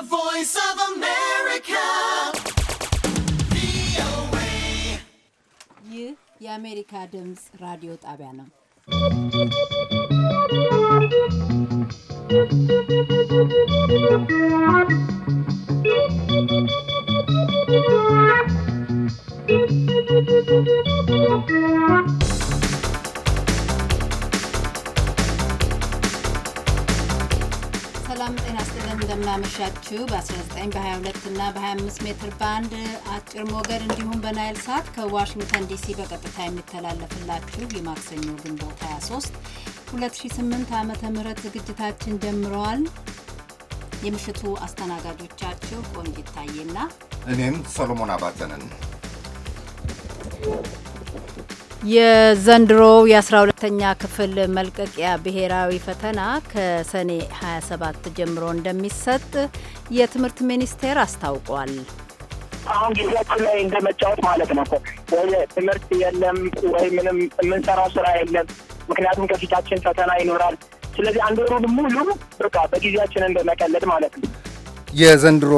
The voice of America. VOA. ይህ የአሜሪካ America! Adams Radio, ነው። Thank you. ሰላም ጤና ስጥልን እንደምናመሻችሁ በ19 በ22 እና በ25 ሜትር ባንድ አጭር ሞገድ እንዲሁም በናይል ሳት ከዋሽንግተን ዲሲ በቀጥታ የሚተላለፍላችሁ የማክሰኞ ግንቦት 23 2008 ዓ ም ዝግጅታችን ጀምረዋል። የምሽቱ አስተናጋጆቻችሁ ቆንጅ ይታየና እኔም ሰሎሞን አባተንን የዘንድሮው የ12ተኛ ክፍል መልቀቂያ ብሔራዊ ፈተና ከሰኔ 27 ጀምሮ እንደሚሰጥ የትምህርት ሚኒስቴር አስታውቋል። አሁን ጊዜያችን ላይ እንደመጫወት ማለት ነው። ወይ ትምህርት የለም ወይ ምንም የምንሰራው ስራ የለም። ምክንያቱም ከፊታችን ፈተና ይኖራል። ስለዚህ አንድ ወሩን ሙሉ በቃ በጊዜያችን እንደመቀለድ ማለት ነው። የዘንድሮ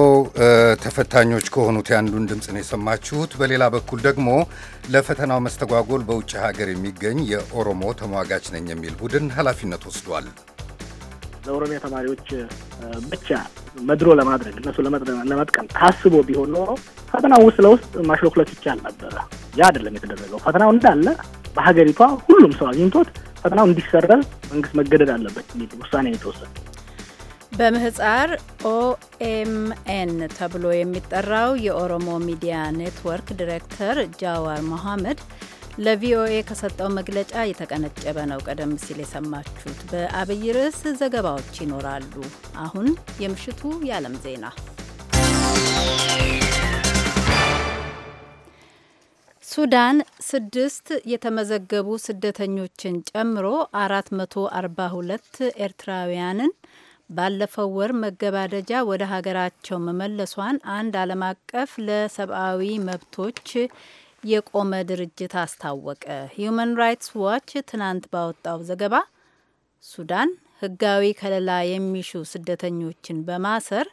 ተፈታኞች ከሆኑት ያንዱን ድምፅ ነው የሰማችሁት። በሌላ በኩል ደግሞ ለፈተናው መስተጓጎል በውጭ ሀገር የሚገኝ የኦሮሞ ተሟጋች ነኝ የሚል ቡድን ኃላፊነት ወስዷል። ለኦሮሚያ ተማሪዎች ብቻ መድሮ ለማድረግ እነሱ ለመጥቀም ታስቦ ቢሆን ኖሮ ፈተናው ውስጥ ለውስጥ ማሽሎክለት ይቻል ነበረ። ያ አይደለም የተደረገው። ፈተናው እንዳለ በሀገሪቷ ሁሉም ሰው አግኝቶት ፈተናው እንዲሰረዝ መንግስት መገደድ አለበት የሚል ውሳኔ የተወሰነ በምህጻር ኦኤምኤን ተብሎ የሚጠራው የኦሮሞ ሚዲያ ኔትወርክ ዲሬክተር ጃዋር መሐመድ ለቪኦኤ ከሰጠው መግለጫ የተቀነጨበ ነው። ቀደም ሲል የሰማችሁት። በአብይ ርዕስ ዘገባዎች ይኖራሉ። አሁን የምሽቱ የዓለም ዜና። ሱዳን ስድስት የተመዘገቡ ስደተኞችን ጨምሮ 442 ኤርትራውያንን ባለፈው ወር መገባደጃ ወደ ሀገራቸው መመለሷን አንድ ዓለም አቀፍ ለሰብአዊ መብቶች የቆመ ድርጅት አስታወቀ። ሂዩማን ራይትስ ዋች ትናንት ባወጣው ዘገባ ሱዳን ህጋዊ ከለላ የሚሹ ስደተኞችን በማሰር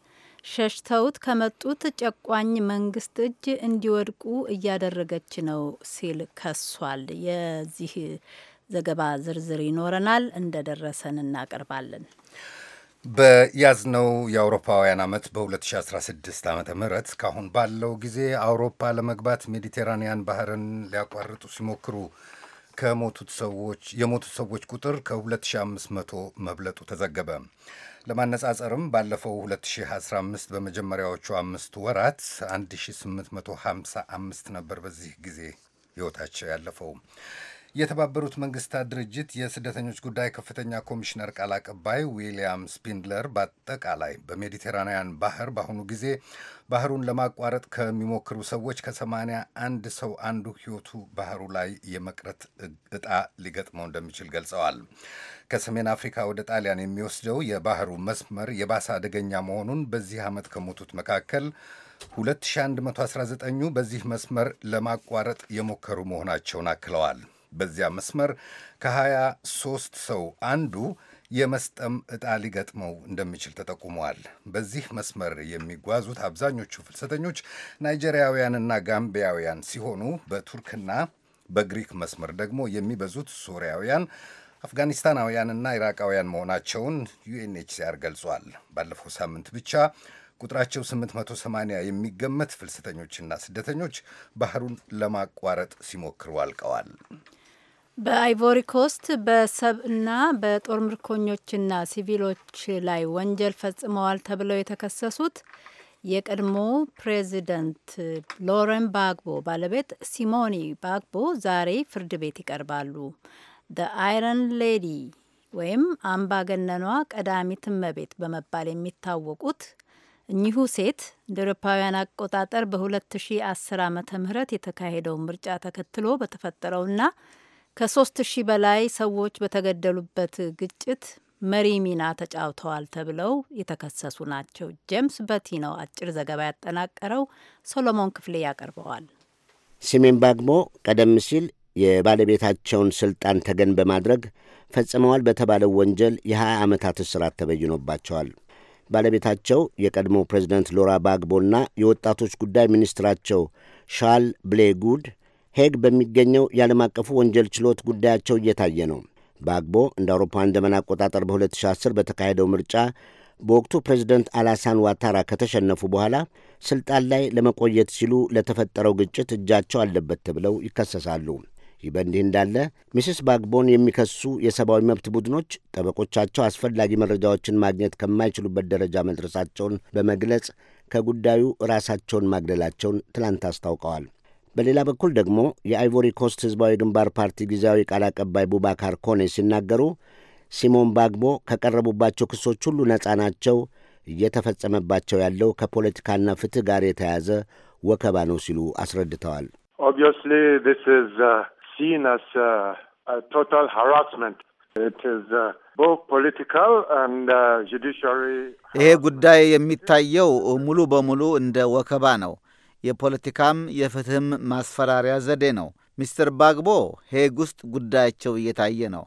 ሸሽተውት ከመጡት ጨቋኝ መንግስት እጅ እንዲወድቁ እያደረገች ነው ሲል ከሷል። የዚህ ዘገባ ዝርዝር ይኖረናል፣ እንደደረሰን እናቀርባለን። በያዝነው የአውሮፓውያን ዓመት በ2016 ዓ ም እስካሁን ባለው ጊዜ አውሮፓ ለመግባት ሜዲቴራንያን ባህርን ሊያቋርጡ ሲሞክሩ ከሞቱት ሰዎች የሞቱት ሰዎች ቁጥር ከ2500 መብለጡ ተዘገበ። ለማነጻጸርም ባለፈው 2015 በመጀመሪያዎቹ አምስት ወራት 1855 ነበር በዚህ ጊዜ ሕይወታቸው ያለፈው። የተባበሩት መንግስታት ድርጅት የስደተኞች ጉዳይ ከፍተኛ ኮሚሽነር ቃል አቀባይ ዊሊያም ስፒንድለር በአጠቃላይ በሜዲቴራንያን ባህር በአሁኑ ጊዜ ባህሩን ለማቋረጥ ከሚሞክሩ ሰዎች ከሰማንያ አንድ ሰው አንዱ ህይወቱ ባህሩ ላይ የመቅረት እጣ ሊገጥመው እንደሚችል ገልጸዋል። ከሰሜን አፍሪካ ወደ ጣሊያን የሚወስደው የባህሩ መስመር የባሰ አደገኛ መሆኑን በዚህ ዓመት ከሞቱት መካከል 2119ኙ በዚህ መስመር ለማቋረጥ የሞከሩ መሆናቸውን አክለዋል። በዚያ መስመር ከሀያ ሶስት ሰው አንዱ የመስጠም ዕጣ ሊገጥመው እንደሚችል ተጠቁመዋል። በዚህ መስመር የሚጓዙት አብዛኞቹ ፍልሰተኞች ናይጄሪያውያንና ጋምቢያውያን ሲሆኑ በቱርክና በግሪክ መስመር ደግሞ የሚበዙት ሶሪያውያን አፍጋኒስታናውያንና ኢራቃውያን መሆናቸውን ዩኤንኤችሲአር ገልጿል። ባለፈው ሳምንት ብቻ ቁጥራቸው 880 የሚገመት ፍልሰተኞችና ስደተኞች ባህሩን ለማቋረጥ ሲሞክሩ አልቀዋል። በአይቮሪ ኮስት በሰብና በጦር ምርኮኞችና ሲቪሎች ላይ ወንጀል ፈጽመዋል ተብለው የተከሰሱት የቀድሞ ፕሬዚደንት ሎረን ባግቦ ባለቤት ሲሞኒ ባግቦ ዛሬ ፍርድ ቤት ይቀርባሉ። አይረን ሌዲ ወይም አምባገነኗ ቀዳሚት እመቤት በመባል የሚታወቁት እኚሁ ሴት እንደ ኤሮፓውያን አቆጣጠር በ2010 ዓ ም የተካሄደውን ምርጫ ተከትሎ በተፈጠረውና ከ 3000 በላይ ሰዎች በተገደሉበት ግጭት መሪ ሚና ተጫውተዋል ተብለው የተከሰሱ ናቸው። ጄምስ በቲ ነው አጭር ዘገባ ያጠናቀረው። ሶሎሞን ክፍሌ ያቀርበዋል። ሲሜን ባግሞ ቀደም ሲል የባለቤታቸውን ስልጣን ተገን በማድረግ ፈጽመዋል በተባለው ወንጀል የ20 ዓመታት እስራት ተበይኖባቸዋል። ባለቤታቸው የቀድሞ ፕሬዚደንት ሎራ ባግቦና የወጣቶች ጉዳይ ሚኒስትራቸው ሻል ብሌ ጉድ ሄግ በሚገኘው የዓለም አቀፉ ወንጀል ችሎት ጉዳያቸው እየታየ ነው። ባግቦ እንደ አውሮፓውያን ዘመን አቆጣጠር በ2010 በተካሄደው ምርጫ በወቅቱ ፕሬዚደንት አላሳን ዋታራ ከተሸነፉ በኋላ ስልጣን ላይ ለመቆየት ሲሉ ለተፈጠረው ግጭት እጃቸው አለበት ተብለው ይከሰሳሉ። ይህ በእንዲህ እንዳለ ሚስስ ባግቦን የሚከሱ የሰብአዊ መብት ቡድኖች ጠበቆቻቸው አስፈላጊ መረጃዎችን ማግኘት ከማይችሉበት ደረጃ መድረሳቸውን በመግለጽ ከጉዳዩ ራሳቸውን ማግለላቸውን ትላንት አስታውቀዋል። በሌላ በኩል ደግሞ የአይቮሪ ኮስት ሕዝባዊ ግንባር ፓርቲ ጊዜያዊ ቃል አቀባይ ቡባካር ኮኔ ሲናገሩ ሲሞን ባግቦ ከቀረቡባቸው ክሶች ሁሉ ነጻ ናቸው፣ እየተፈጸመባቸው ያለው ከፖለቲካና ፍትሕ ጋር የተያያዘ ወከባ ነው ሲሉ አስረድተዋል። ኦብቪየስሊ ዚስ ኢዝ seen as a, uh, a total harassment. It is, uh, uh ይሄ ጉዳይ የሚታየው ሙሉ በሙሉ እንደ ወከባ ነው። የፖለቲካም የፍትህም ማስፈራሪያ ዘዴ ነው። ሚስትር ባግቦ ሄግ ውስጥ ጉዳያቸው እየታየ ነው።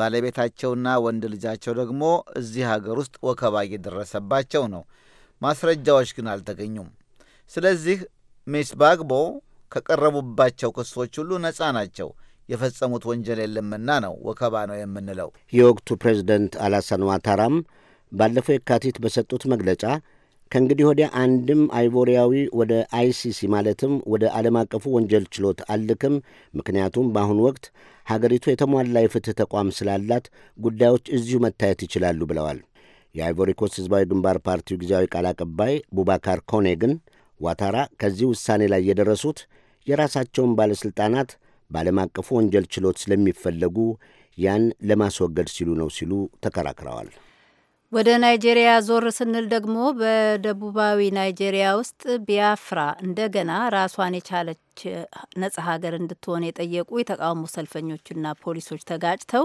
ባለቤታቸውና ወንድ ልጃቸው ደግሞ እዚህ ሀገር ውስጥ ወከባ እየደረሰባቸው ነው። ማስረጃዎች ግን አልተገኙም። ስለዚህ ሚስ ባግቦ ከቀረቡባቸው ክሶች ሁሉ ነፃ ናቸው። የፈጸሙት ወንጀል የለምና ነው ወከባ ነው የምንለው። የወቅቱ ፕሬዝደንት አላሳን ዋታራም ባለፈው የካቲት በሰጡት መግለጫ ከእንግዲህ ወዲያ አንድም አይቮሪያዊ ወደ አይሲሲ ማለትም ወደ ዓለም አቀፉ ወንጀል ችሎት አልክም፣ ምክንያቱም በአሁኑ ወቅት ሀገሪቱ የተሟላ የፍትህ ተቋም ስላላት ጉዳዮች እዚሁ መታየት ይችላሉ ብለዋል። የአይቮሪኮስ ህዝባዊ ግንባር ፓርቲው ጊዜያዊ ቃል አቀባይ ቡባካር ኮኔ ግን ዋታራ ከዚህ ውሳኔ ላይ የደረሱት የራሳቸውን ባለሥልጣናት በዓለም አቀፉ ወንጀል ችሎት ስለሚፈለጉ ያን ለማስወገድ ሲሉ ነው ሲሉ ተከራክረዋል። ወደ ናይጄሪያ ዞር ስንል ደግሞ በደቡባዊ ናይጄሪያ ውስጥ ቢያፍራ እንደገና ራሷን የቻለች ነጻ ሀገር እንድትሆን የጠየቁ የተቃውሞ ሰልፈኞችና ፖሊሶች ተጋጭተው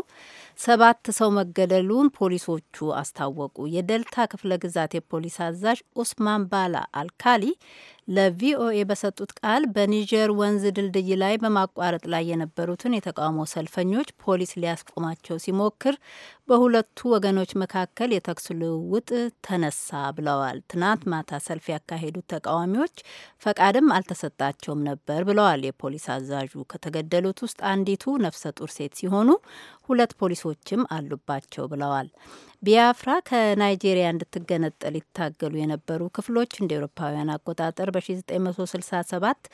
ሰባት ሰው መገደሉን ፖሊሶቹ አስታወቁ። የደልታ ክፍለ ግዛት የፖሊስ አዛዥ ኡስማን ባላ አልካሊ ለቪኦኤ በሰጡት ቃል በኒጀር ወንዝ ድልድይ ላይ በማቋረጥ ላይ የነበሩትን የተቃውሞ ሰልፈኞች ፖሊስ ሊያስቆማቸው ሲሞክር በሁለቱ ወገኖች መካከል የተኩስ ልውውጥ ተነሳ ብለዋል። ትናንት ማታ ሰልፍ ያካሄዱት ተቃዋሚዎች ፈቃድም አልተሰጣቸውም ነበር ብለዋል የፖሊስ አዛዡ። ከተገደሉት ውስጥ አንዲቱ ነፍሰ ጡር ሴት ሲሆኑ ሁለት ፖሊሶችም አሉባቸው ብለዋል። ቢያፍራ ከናይጄሪያ እንድትገነጠል ይታገሉ የነበሩ ክፍሎች እንደ ኤሮፓውያን አቆጣጠር በ1967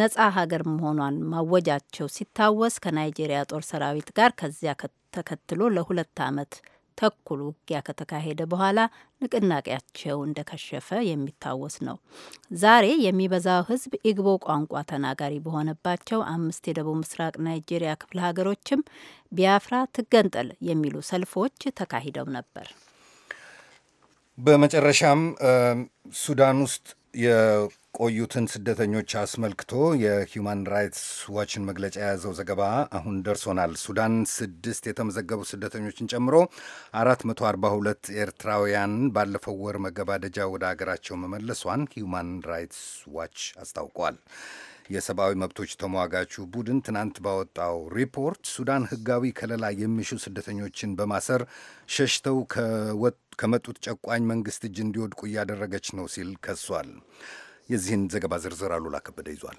ነጻ ሀገር መሆኗን ማወጃቸው ሲታወስ ከናይጄሪያ ጦር ሰራዊት ጋር ከዚያ ተከትሎ ለሁለት ዓመት ተኩል ውጊያ ከተካሄደ በኋላ ንቅናቄያቸው እንደከሸፈ የሚታወስ ነው። ዛሬ የሚበዛው ሕዝብ ኢግቦ ቋንቋ ተናጋሪ በሆነባቸው አምስት የደቡብ ምስራቅ ናይጄሪያ ክፍለ ሀገሮችም ቢያፍራ ትገንጠል የሚሉ ሰልፎች ተካሂደው ነበር። በመጨረሻም ሱዳን ውስጥ የቆዩትን ስደተኞች አስመልክቶ የሂውማን ራይትስ ዋችን መግለጫ የያዘው ዘገባ አሁን ደርሶናል። ሱዳን ስድስት የተመዘገቡ ስደተኞችን ጨምሮ 442 ኤርትራውያን ባለፈው ወር መገባደጃ ወደ አገራቸው መመለሷን ሂውማን ራይትስ ዋች አስታውቋል። የሰብአዊ መብቶች ተሟጋቹ ቡድን ትናንት ባወጣው ሪፖርት ሱዳን ሕጋዊ ከለላ የሚሹ ስደተኞችን በማሰር ሸሽተው ከመጡት ጨቋኝ መንግስት እጅ እንዲወድቁ እያደረገች ነው ሲል ከሷል። የዚህን ዘገባ ዝርዝር አሉላ ከበደ ይዟል።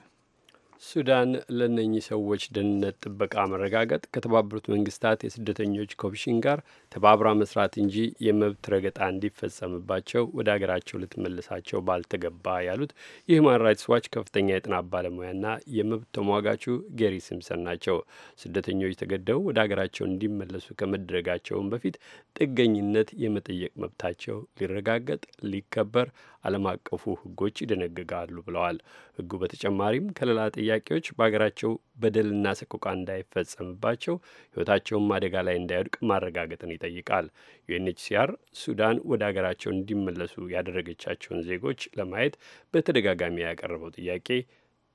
ሱዳን ለነኚህ ሰዎች ደህንነት ጥበቃ መረጋገጥ ከተባበሩት መንግስታት የስደተኞች ኮሚሽን ጋር ተባብራ መስራት እንጂ የመብት ረገጣ እንዲፈጸምባቸው ወደ አገራቸው ልትመልሳቸው ባልተገባ ያሉት የሁማን ራይትስ ዋች ከፍተኛ የጥናት ባለሙያና የመብት ተሟጋቹ ጌሪ ሲምሰን ናቸው። ስደተኞች ተገደው ወደ አገራቸው እንዲመለሱ ከመደረጋቸውን በፊት ጥገኝነት የመጠየቅ መብታቸው ሊረጋገጥ ሊከበር ዓለም አቀፉ ሕጎች ይደነግጋሉ ብለዋል። ሕጉ በተጨማሪም ከሌላ ጥያቄዎች በሀገራቸው በደልና ሰቆቃ እንዳይፈጸምባቸው ሕይወታቸውም አደጋ ላይ እንዳይወድቅ ማረጋገጥን ይጠይቃል። ዩኤንኤችሲአር ሱዳን ወደ አገራቸው እንዲመለሱ ያደረገቻቸውን ዜጎች ለማየት በተደጋጋሚ ያቀረበው ጥያቄ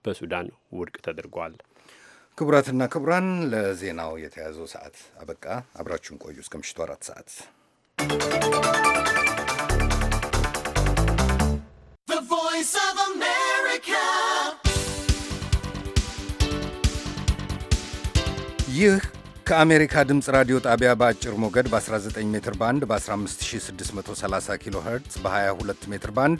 በሱዳን ውድቅ ተደርጓል። ክቡራትና ክቡራን ለዜናው የተያዘው ሰዓት አበቃ። አብራችሁን ቆዩ እስከ ምሽቱ አራት ሰዓት ይህ ከአሜሪካ ድምፅ ራዲዮ ጣቢያ በአጭር ሞገድ በ19 ሜትር ባንድ በ15630 ኪሎ ኸርትዝ በ22 ሜትር ባንድ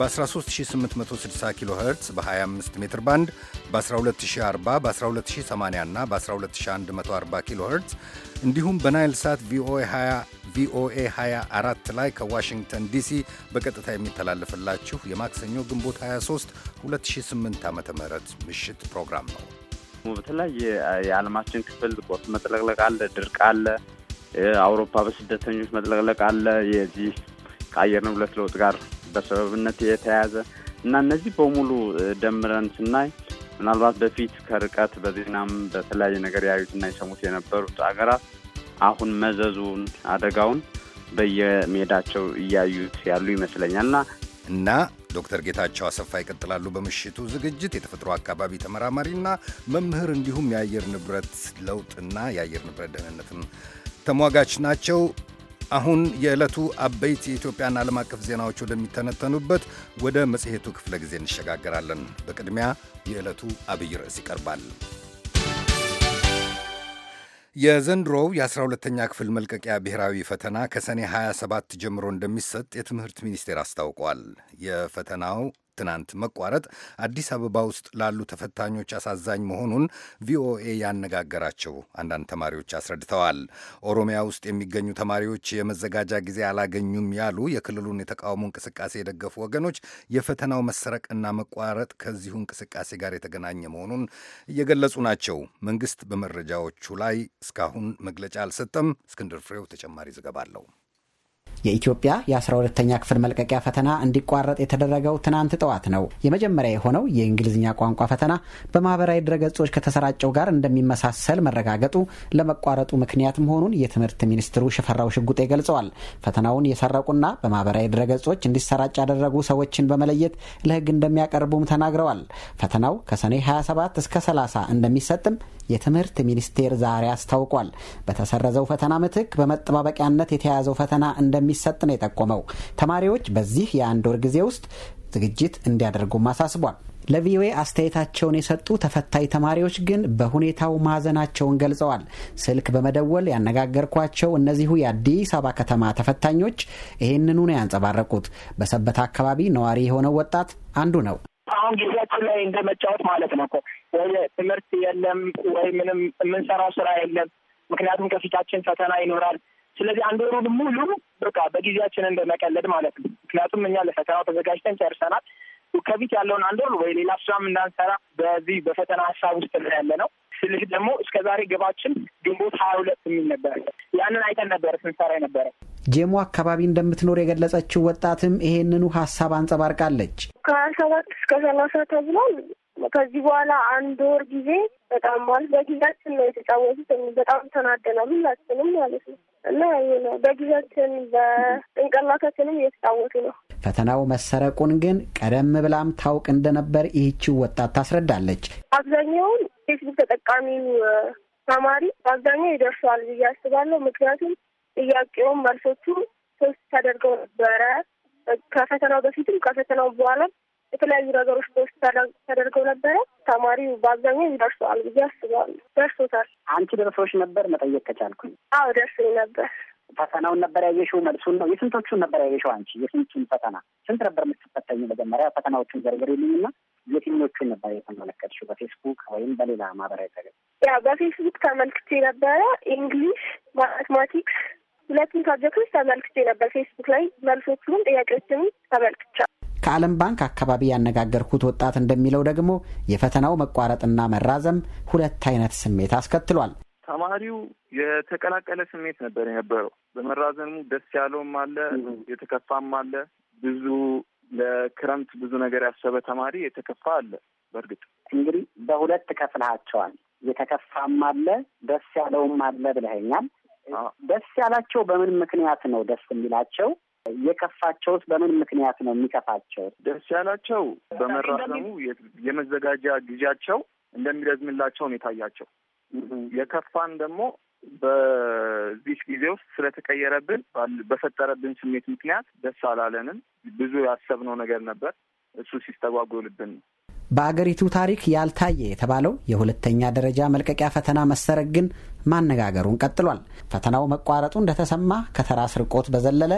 በ13860 ኪሎ ኸርትዝ በ25 ሜትር ባንድ በ12040 በ12080 እና በ12140 ኪሎ ኸርትዝ እንዲሁም በናይል ሳት ቪኦኤ 24 ላይ ከዋሽንግተን ዲሲ በቀጥታ የሚተላለፍላችሁ የማክሰኞ ግንቦት 23 2008 ዓ ም ምሽት ፕሮግራም ነው። በተለያየ የዓለማችን ክፍል ጎርፍ መጥለቅለቅ አለ፣ ድርቅ አለ፣ አውሮፓ በስደተኞች መጥለቅለቅ አለ። የዚህ ከአየር ንብረት ለውጥ ጋር በሰበብነት የተያያዘ እና እነዚህ በሙሉ ደምረን ስናይ ምናልባት በፊት ከርቀት በዜናም በተለያየ ነገር እና የሰሙት የነበሩት አገራት አሁን መዘዙን አደጋውን በየሜዳቸው እያዩት ያሉ ይመስለኛል እና እና ዶክተር ጌታቸው አሰፋ ይቀጥላሉ። በምሽቱ ዝግጅት የተፈጥሮ አካባቢ ተመራማሪና መምህር እንዲሁም የአየር ንብረት ለውጥና የአየር ንብረት ደህንነትም ተሟጋች ናቸው። አሁን የዕለቱ አበይት የኢትዮጵያና ዓለም አቀፍ ዜናዎች ወደሚተነተኑበት ወደ መጽሔቱ ክፍለ ጊዜ እንሸጋገራለን። በቅድሚያ የዕለቱ አብይ ርዕስ ይቀርባል። የዘንድሮው የ12ተኛ ክፍል መልቀቂያ ብሔራዊ ፈተና ከሰኔ 27 ጀምሮ እንደሚሰጥ የትምህርት ሚኒስቴር አስታውቋል። የፈተናው ትናንት መቋረጥ አዲስ አበባ ውስጥ ላሉ ተፈታኞች አሳዛኝ መሆኑን ቪኦኤ ያነጋገራቸው አንዳንድ ተማሪዎች አስረድተዋል። ኦሮሚያ ውስጥ የሚገኙ ተማሪዎች የመዘጋጃ ጊዜ አላገኙም ያሉ የክልሉን የተቃውሞ እንቅስቃሴ የደገፉ ወገኖች የፈተናው መሰረቅና መቋረጥ ከዚሁ እንቅስቃሴ ጋር የተገናኘ መሆኑን እየገለጹ ናቸው። መንግስት በመረጃዎቹ ላይ እስካሁን መግለጫ አልሰጠም። እስክንድር ፍሬው ተጨማሪ ዘገባ አለው። የኢትዮጵያ የ12ተኛ ክፍል መልቀቂያ ፈተና እንዲቋረጥ የተደረገው ትናንት ጠዋት ነው። የመጀመሪያ የሆነው የእንግሊዝኛ ቋንቋ ፈተና በማህበራዊ ድረገጾች ከተሰራጨው ጋር እንደሚመሳሰል መረጋገጡ ለመቋረጡ ምክንያት መሆኑን የትምህርት ሚኒስትሩ ሽፈራው ሽጉጤ ገልጸዋል። ፈተናውን የሰረቁና በማህበራዊ ድረገጾች እንዲሰራጭ ያደረጉ ሰዎችን በመለየት ለህግ እንደሚያቀርቡም ተናግረዋል። ፈተናው ከሰኔ 27 እስከ 30 እንደሚሰጥም የትምህርት ሚኒስቴር ዛሬ አስታውቋል። በተሰረዘው ፈተና ምትክ በመጠባበቂያነት የተያዘው ፈተና እንደሚሰጥ ነው የጠቆመው። ተማሪዎች በዚህ የአንድ ወር ጊዜ ውስጥ ዝግጅት እንዲያደርጉም አሳስቧል። ለቪኦኤ አስተያየታቸውን የሰጡ ተፈታኝ ተማሪዎች ግን በሁኔታው ማዘናቸውን ገልጸዋል። ስልክ በመደወል ያነጋገርኳቸው እነዚሁ የአዲስ አበባ ከተማ ተፈታኞች ይህንኑ ነው ያንጸባረቁት። በሰበታ አካባቢ ነዋሪ የሆነው ወጣት አንዱ ነው። አሁን ጊዜያችን ላይ እንደ መጫወት ማለት ነው እኮ ወይ ትምህርት የለም ወይ ምንም የምንሰራው ስራ የለም። ምክንያቱም ከፊታችን ፈተና ይኖራል። ስለዚህ አንድ ወሩን ሙሉ በቃ በጊዜያችን እንደመቀለድ ማለት ነው። ምክንያቱም እኛ ለፈተናው ተዘጋጅተን ጨርሰናል። ከፊት ያለውን አንድ ወር ወይ ሌላ ስራ እንዳንሰራ በዚህ በፈተና ሀሳብ ውስጥ ያለ ነው። ስልህ ደግሞ እስከ ዛሬ ግባችን ግንቦት ሀያ ሁለት የሚል ነበር። ያንን አይተን ነበረ ስንሰራ ነበረ። ጄሞ አካባቢ እንደምትኖር የገለጸችው ወጣትም ይሄንኑ ሀሳብ አንጸባርቃለች። ከሀያ ሰባት እስከ ሰላሳ ተብሏል። ከዚህ በኋላ አንድ ወር ጊዜ በጣም ማለት በጊዜያችን ነው የተጫወቱት። በጣም ተናደናል ሁላችንም ማለት ነው እና ነው በጊዜያችን በጭንቅላታችንም እየተጫወቱ ነው። ፈተናው መሰረቁን ግን ቀደም ብላም ታውቅ እንደነበር ይህችው ወጣት ታስረዳለች። አብዛኛውን ፌስቡክ ተጠቃሚው ተማሪ በአብዛኛው ይደርሰዋል ብዬ አስባለሁ። ምክንያቱም ጥያቄውም መልሶቹ ሶስት ተደርገው ነበረ ከፈተናው በፊትም ከፈተናው በኋላም የተለያዩ ነገሮች በውስጥ ተደርገው ነበረ። ተማሪው በአብዛኛው ይደርሰዋል ብዬ አስባለሁ። ደርሶታል። አንቺ ደርሶች ነበር መጠየቅ ከቻልኩኝ? አዎ ደርሶ ነበር። ፈተናውን ነበር ያየሽው? መልሱን ነው? የስንቶቹን ነበር ያየሽው አንቺ? የስንቱን ፈተና ስንት ነበር የምትፈተኝ? መጀመሪያ ፈተናዎቹን ዘርዝሪልኝና የትኞቹን ነበር የተመለከትሽው? በፌስቡክ ወይም በሌላ ማህበራዊ ተገ ያ በፌስቡክ ተመልክቼ ነበረ። እንግሊሽ፣ ማትማቲክስ ሁለቱን ሳብጀክቶች ተመልክቼ ነበር ፌስቡክ ላይ መልሶቹንም ጥያቄዎችንም ተመልክቻ ከዓለም ባንክ አካባቢ ያነጋገርኩት ወጣት እንደሚለው ደግሞ የፈተናው መቋረጥና መራዘም ሁለት አይነት ስሜት አስከትሏል። ተማሪው የተቀላቀለ ስሜት ነበር የነበረው። በመራዘሙ ደስ ያለውም አለ፣ የተከፋም አለ። ብዙ ለክረምት ብዙ ነገር ያሰበ ተማሪ የተከፋ አለ። በእርግጥ እንግዲህ በሁለት ከፍልሃቸዋል። የተከፋም አለ፣ ደስ ያለውም አለ ብለኸኛል። ደስ ያላቸው በምን ምክንያት ነው ደስ የሚላቸው? የከፋቸውስ በምን ምክንያት ነው የሚከፋቸው? ደስ ያላቸው በመራዘሙ የመዘጋጃ ጊዜያቸው እንደሚረዝምላቸው ነው የታያቸው። የከፋን ደግሞ በዚህ ጊዜ ውስጥ ስለተቀየረብን በፈጠረብን ስሜት ምክንያት ደስ አላለንም። ብዙ ያሰብነው ነገር ነበር፣ እሱ ሲስተጓጎልብን ነው። በአገሪቱ ታሪክ ያልታየ የተባለው የሁለተኛ ደረጃ መልቀቂያ ፈተና መሰረቅ ግን ማነጋገሩን ቀጥሏል። ፈተናው መቋረጡ እንደተሰማ ከተራ ስርቆት በዘለለ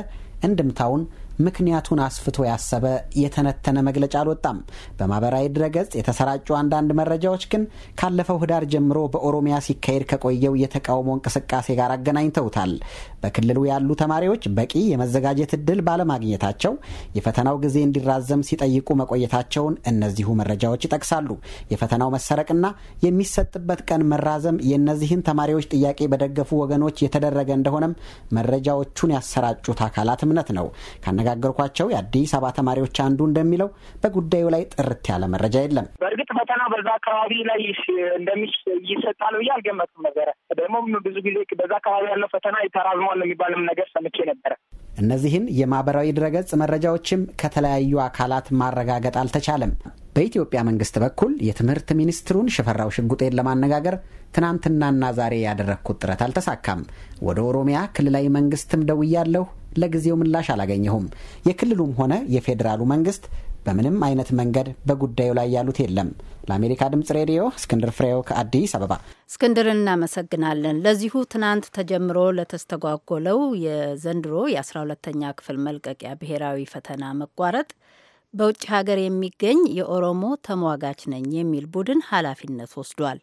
እንድምታውን ምክንያቱን አስፍቶ ያሰበ የተነተነ መግለጫ አልወጣም። በማህበራዊ ድረገጽ የተሰራጩ አንዳንድ መረጃዎች ግን ካለፈው ህዳር ጀምሮ በኦሮሚያ ሲካሄድ ከቆየው የተቃውሞ እንቅስቃሴ ጋር አገናኝተውታል። በክልሉ ያሉ ተማሪዎች በቂ የመዘጋጀት እድል ባለማግኘታቸው የፈተናው ጊዜ እንዲራዘም ሲጠይቁ መቆየታቸውን እነዚሁ መረጃዎች ይጠቅሳሉ። የፈተናው መሰረቅና የሚሰጥበት ቀን መራዘም የእነዚህን ተማሪዎች ጥያቄ በደገፉ ወገኖች የተደረገ እንደሆነም መረጃዎቹን ያሰራጩት አካላት እምነት ነው። ካነጋገርኳቸው የአዲስ አበባ ተማሪዎች አንዱ እንደሚለው በጉዳዩ ላይ ጥርት ያለ መረጃ የለም። በእርግጥ ፈተና በዛ አካባቢ ላይ እንደሚሰጣል ብዬ አልገመትም ነበረ። ደግሞም ብዙ ጊዜ በዛ አካባቢ ያለው ፈተና የተራዝሟል የሚባልም ነገር ሰምቼ ነበረ። እነዚህን የማህበራዊ ድረገጽ መረጃዎችም ከተለያዩ አካላት ማረጋገጥ አልተቻለም። በኢትዮጵያ መንግስት በኩል የትምህርት ሚኒስትሩን ሽፈራው ሽጉጤን ለማነጋገር ትናንትናና ዛሬ ያደረግኩት ጥረት አልተሳካም። ወደ ኦሮሚያ ክልላዊ መንግስትም ደውያለሁ፣ ለጊዜው ምላሽ አላገኘሁም። የክልሉም ሆነ የፌዴራሉ መንግስት በምንም አይነት መንገድ በጉዳዩ ላይ ያሉት የለም። ለአሜሪካ ድምጽ ሬዲዮ እስክንድር ፍሬው ከአዲስ አበባ። እስክንድር እናመሰግናለን። ለዚሁ ትናንት ተጀምሮ ለተስተጓጎለው የዘንድሮ የ12ተኛ ክፍል መልቀቂያ ብሔራዊ ፈተና መቋረጥ በውጭ ሀገር የሚገኝ የኦሮሞ ተሟጋች ነኝ የሚል ቡድን ኃላፊነት ወስዷል።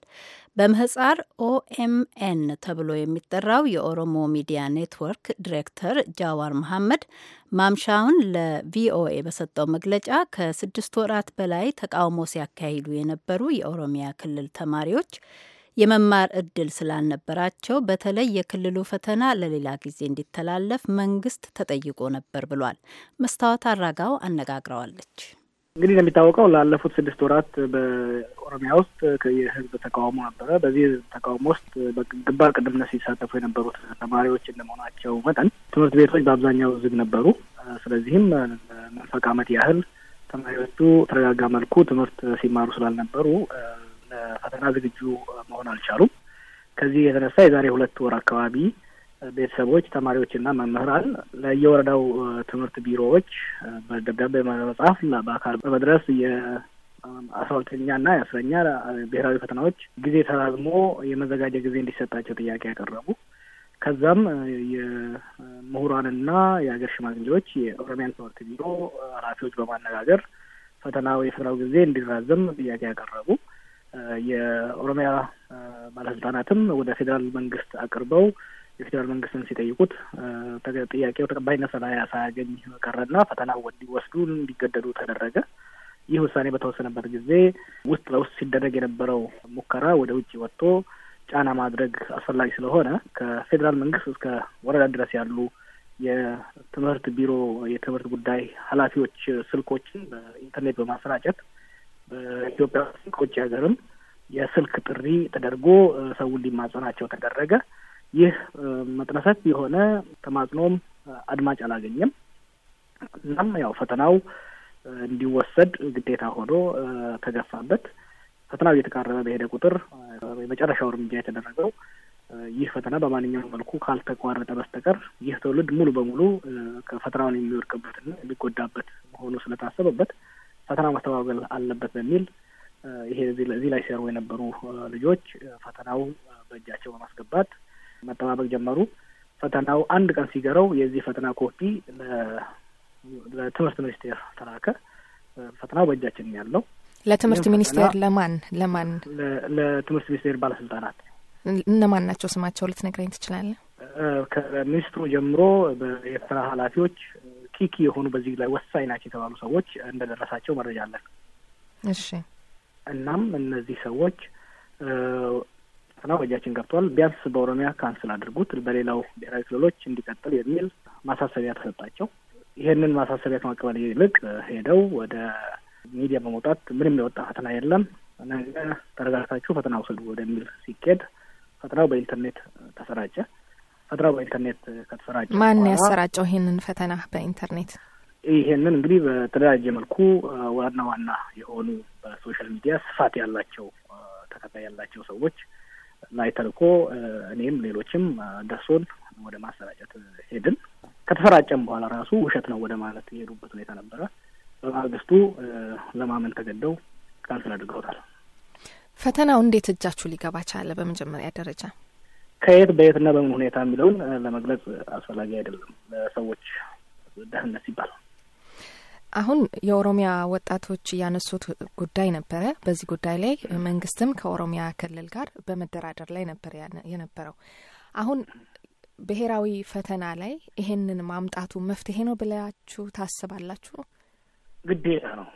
በምህጻር ኦኤምኤን ተብሎ የሚጠራው የኦሮሞ ሚዲያ ኔትወርክ ዲሬክተር ጃዋር መሐመድ ማምሻውን ለቪኦኤ በሰጠው መግለጫ ከስድስት ወራት በላይ ተቃውሞ ሲያካሂዱ የነበሩ የኦሮሚያ ክልል ተማሪዎች የመማር እድል ስላልነበራቸው በተለይ የክልሉ ፈተና ለሌላ ጊዜ እንዲተላለፍ መንግስት ተጠይቆ ነበር ብሏል። መስታወት አራጋው አነጋግረዋለች። እንግዲህ እንደሚታወቀው ላለፉት ስድስት ወራት በኦሮሚያ ውስጥ የህዝብ ተቃውሞ ነበረ። በዚህ ተቃውሞ ውስጥ በግንባር ቀደምትነት ሲሳተፉ የነበሩት ተማሪዎች እንደመሆናቸው መጠን ትምህርት ቤቶች በአብዛኛው ዝግ ነበሩ። ስለዚህም መንፈቅ ዓመት ያህል ተማሪዎቹ ተረጋጋ መልኩ ትምህርት ሲማሩ ስላልነበሩ ለፈተና ዝግጁ መሆን አልቻሉም። ከዚህ የተነሳ የዛሬ ሁለት ወር አካባቢ ቤተሰቦች፣ ተማሪዎችና መምህራን ለየወረዳው ትምህርት ቢሮዎች በደብዳቤ በመጻፍ በአካል በመድረስ የአስራ ሁለተኛና የአስረኛ ብሔራዊ ፈተናዎች ጊዜ ተራዝሞ የመዘጋጀ ጊዜ እንዲሰጣቸው ጥያቄ ያቀረቡ ከዛም የምሁራንና የሀገር ሽማግሌዎች የኦሮሚያን ትምህርት ቢሮ ኃላፊዎች በማነጋገር ፈተናው የፈተናው ጊዜ እንዲራዘም ጥያቄ ያቀረቡ የኦሮሚያ ባለስልጣናትም ወደ ፌዴራል መንግስት አቅርበው የፌዴራል መንግስትን ሲጠይቁት ጥያቄው ተቀባይነት ሳያገኝ ቀረና ፈተና ወስዱ እንዲገደዱ ተደረገ። ይህ ውሳኔ በተወሰነበት ጊዜ ውስጥ ለውስጥ ሲደረግ የነበረው ሙከራ ወደ ውጭ ወጥቶ ጫና ማድረግ አስፈላጊ ስለሆነ ከፌዴራል መንግስት እስከ ወረዳ ድረስ ያሉ የትምህርት ቢሮ የትምህርት ጉዳይ ኃላፊዎች ስልኮችን በኢንተርኔት በማሰራጨት በኢትዮጵያ ከውጭ ሀገርም የስልክ ጥሪ ተደርጎ ሰው እንዲማጽናቸው ተደረገ። ይህ መጠነሰፊ የሆነ ተማጽኖም አድማጭ አላገኘም። እናም ያው ፈተናው እንዲወሰድ ግዴታ ሆኖ ተገፋበት። ፈተናው እየተቃረበ በሄደ ቁጥር የመጨረሻው እርምጃ የተደረገው ይህ ፈተና በማንኛውም መልኩ ካልተቋረጠ በስተቀር ይህ ትውልድ ሙሉ በሙሉ ከፈተናውን የሚወድቅበትና የሚጎዳበት መሆኑ ስለታሰበበት ፈተና ማስተባበል አለበት በሚል ይሄ እዚህ ላይ ሲሰሩ የነበሩ ልጆች ፈተናው በእጃቸው በማስገባት መጠባበቅ ጀመሩ። ፈተናው አንድ ቀን ሲገረው የዚህ ፈተና ኮፒ ለትምህርት ሚኒስቴር ተላከ። ፈተናው በእጃችን ያለው ለትምህርት ሚኒስቴር ለማን ለማን? ለትምህርት ሚኒስቴር ባለስልጣናት። እነማን ናቸው ስማቸው ልትነግረኝ ትችላለህ? ከሚኒስትሩ ጀምሮ የፈተና ኃላፊዎች ኪ የሆኑ በዚህ ላይ ወሳኝ ናቸው የተባሉ ሰዎች እንደደረሳቸው መረጃ አለን። እሺ። እናም እነዚህ ሰዎች ፈተና በእጃችን ገብቷል፣ ቢያንስ በኦሮሚያ ካንስል አድርጉት፣ በሌላው ብሔራዊ ክልሎች እንዲቀጥል የሚል ማሳሰቢያ ተሰጣቸው። ይህንን ማሳሰቢያ ከመቀበል ይልቅ ሄደው ወደ ሚዲያ በመውጣት ምንም የወጣ ፈተና የለም ነገ ተረጋግታችሁ ፈተና ውሰዱ ወደሚል ሲኬድ ፈተናው በኢንተርኔት ተሰራጨ። ፈጥረው በኢንተርኔት ከተሰራጨ ማን ያሰራጨው ይህንን ፈተና በኢንተርኔት? ይሄንን እንግዲህ በተደራጀ መልኩ ዋና ዋና የሆኑ በሶሻል ሚዲያ ስፋት ያላቸው ተከታይ ያላቸው ሰዎች ላይ ተልኮ እኔም ሌሎችም ደርሶን ወደ ማሰራጨት ሄድን። ከተሰራጨም በኋላ ራሱ ውሸት ነው ወደ ማለት የሄዱበት ሁኔታ ነበረ። በማግስቱ ለማመን ተገደው ቃል አድርገውታል። ፈተናው እንዴት እጃችሁ ሊገባ ቻለ? በመጀመሪያ ደረጃ ከየት በየትና በምን ሁኔታ የሚለውን ለመግለጽ አስፈላጊ አይደለም ለሰዎች ደህንነት ሲባል። አሁን የኦሮሚያ ወጣቶች እያነሱት ጉዳይ ነበረ። በዚህ ጉዳይ ላይ መንግስትም ከኦሮሚያ ክልል ጋር በመደራደር ላይ ነበር የነበረው። አሁን ብሔራዊ ፈተና ላይ ይሄንን ማምጣቱ መፍትሄ ነው ብላችሁ ታስባላችሁ? ግዴታ ነው፣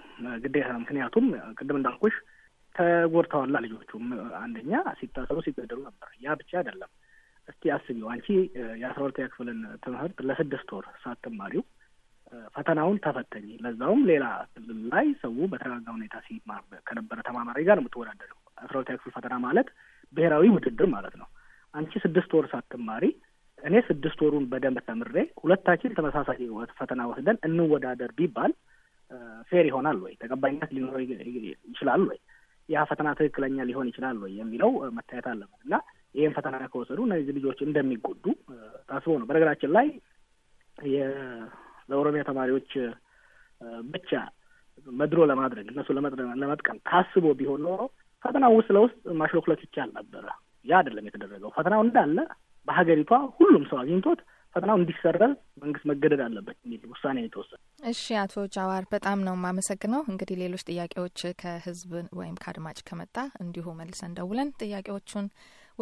ግዴታ ነው። ምክንያቱም ቅድም እንዳልኩሽ ተጎድተዋላ ልጆቹም አንደኛ ሲታሰሩ ሲገደሉ ነበር። ያ ብቻ አይደለም። እስቲ አስቢው አንቺ የአስራ ሁለተኛ ክፍልን ትምህርት ለስድስት ወር ሳትማሪው ፈተናውን ተፈተኝ፣ ለዛውም ሌላ ክልል ላይ ሰው በተረጋጋ ሁኔታ ሲማር ከነበረ ተማማሪ ጋር የምትወዳደረው አስራ ሁለተኛ ክፍል ፈተና ማለት ብሔራዊ ውድድር ማለት ነው። አንቺ ስድስት ወር ሳትማሪ እኔ ስድስት ወሩን በደንብ ተምሬ ሁለታችን ተመሳሳይ ፈተና ወስደን እንወዳደር ቢባል ፌር ይሆናል ወይ? ተቀባይነት ሊኖር ይችላል ወይ? ያ ፈተና ትክክለኛ ሊሆን ይችላል ወይ የሚለው መታየት አለበት እና ይህን ፈተና ከወሰዱ እነዚህ ልጆች እንደሚጎዱ ታስቦ ነው። በነገራችን ላይ ለኦሮሚያ ተማሪዎች ብቻ መድሮ ለማድረግ እነሱ ለመጥቀም ታስቦ ቢሆን ኖሮ ፈተናው ውስጥ ለውስጥ ማሽሎክለት ይቻል ነበረ። ያ አይደለም የተደረገው። ፈተናው እንዳለ በሀገሪቷ ሁሉም ሰው አግኝቶት ፈተናው እንዲሰረዝ መንግስት መገደድ አለበት የሚል ውሳኔ የተወሰነ። እሺ አቶ ጃዋር በጣም ነው የማመሰግነው። እንግዲህ ሌሎች ጥያቄዎች ከህዝብ ወይም ከአድማጭ ከመጣ እንዲሁ መልሰን ደውለን ጥያቄዎቹን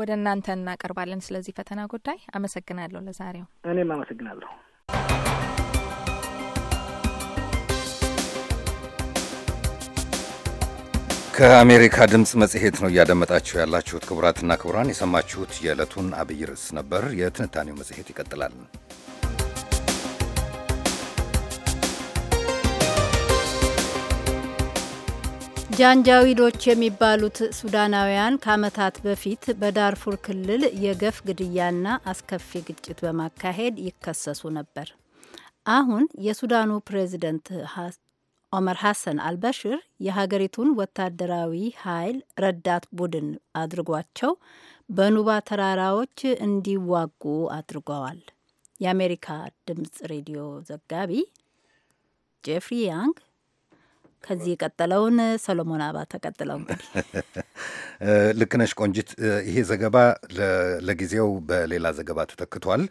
ወደ እናንተ እናቀርባለን። ስለዚህ ፈተና ጉዳይ አመሰግናለሁ። ለዛሬው እኔም አመሰግናለሁ። ከአሜሪካ ድምፅ መጽሔት ነው እያደመጣችሁ ያላችሁት። ክቡራትና ክቡራን የሰማችሁት የዕለቱን አብይ ርዕስ ነበር። የትንታኔው መጽሔት ይቀጥላል። ጃንጃዊዶች የሚባሉት ሱዳናውያን ከዓመታት በፊት በዳርፉር ክልል የገፍ ግድያና አስከፊ ግጭት በማካሄድ ይከሰሱ ነበር። አሁን የሱዳኑ ፕሬዚደንት ኦመር ሐሰን አልበሽር የሀገሪቱን ወታደራዊ ኃይል ረዳት ቡድን አድርጓቸው በኑባ ተራራዎች እንዲዋጉ አድርገዋል። የአሜሪካ ድምፅ ሬዲዮ ዘጋቢ ጄፍሪ ያንግ ከዚህ የቀጠለውን ሰሎሞን አባተ ቀጥለው። እንግዲህ ልክ ቆንጂት። ይሄ ዘገባ ለጊዜው በሌላ ዘገባ ተተክቷል።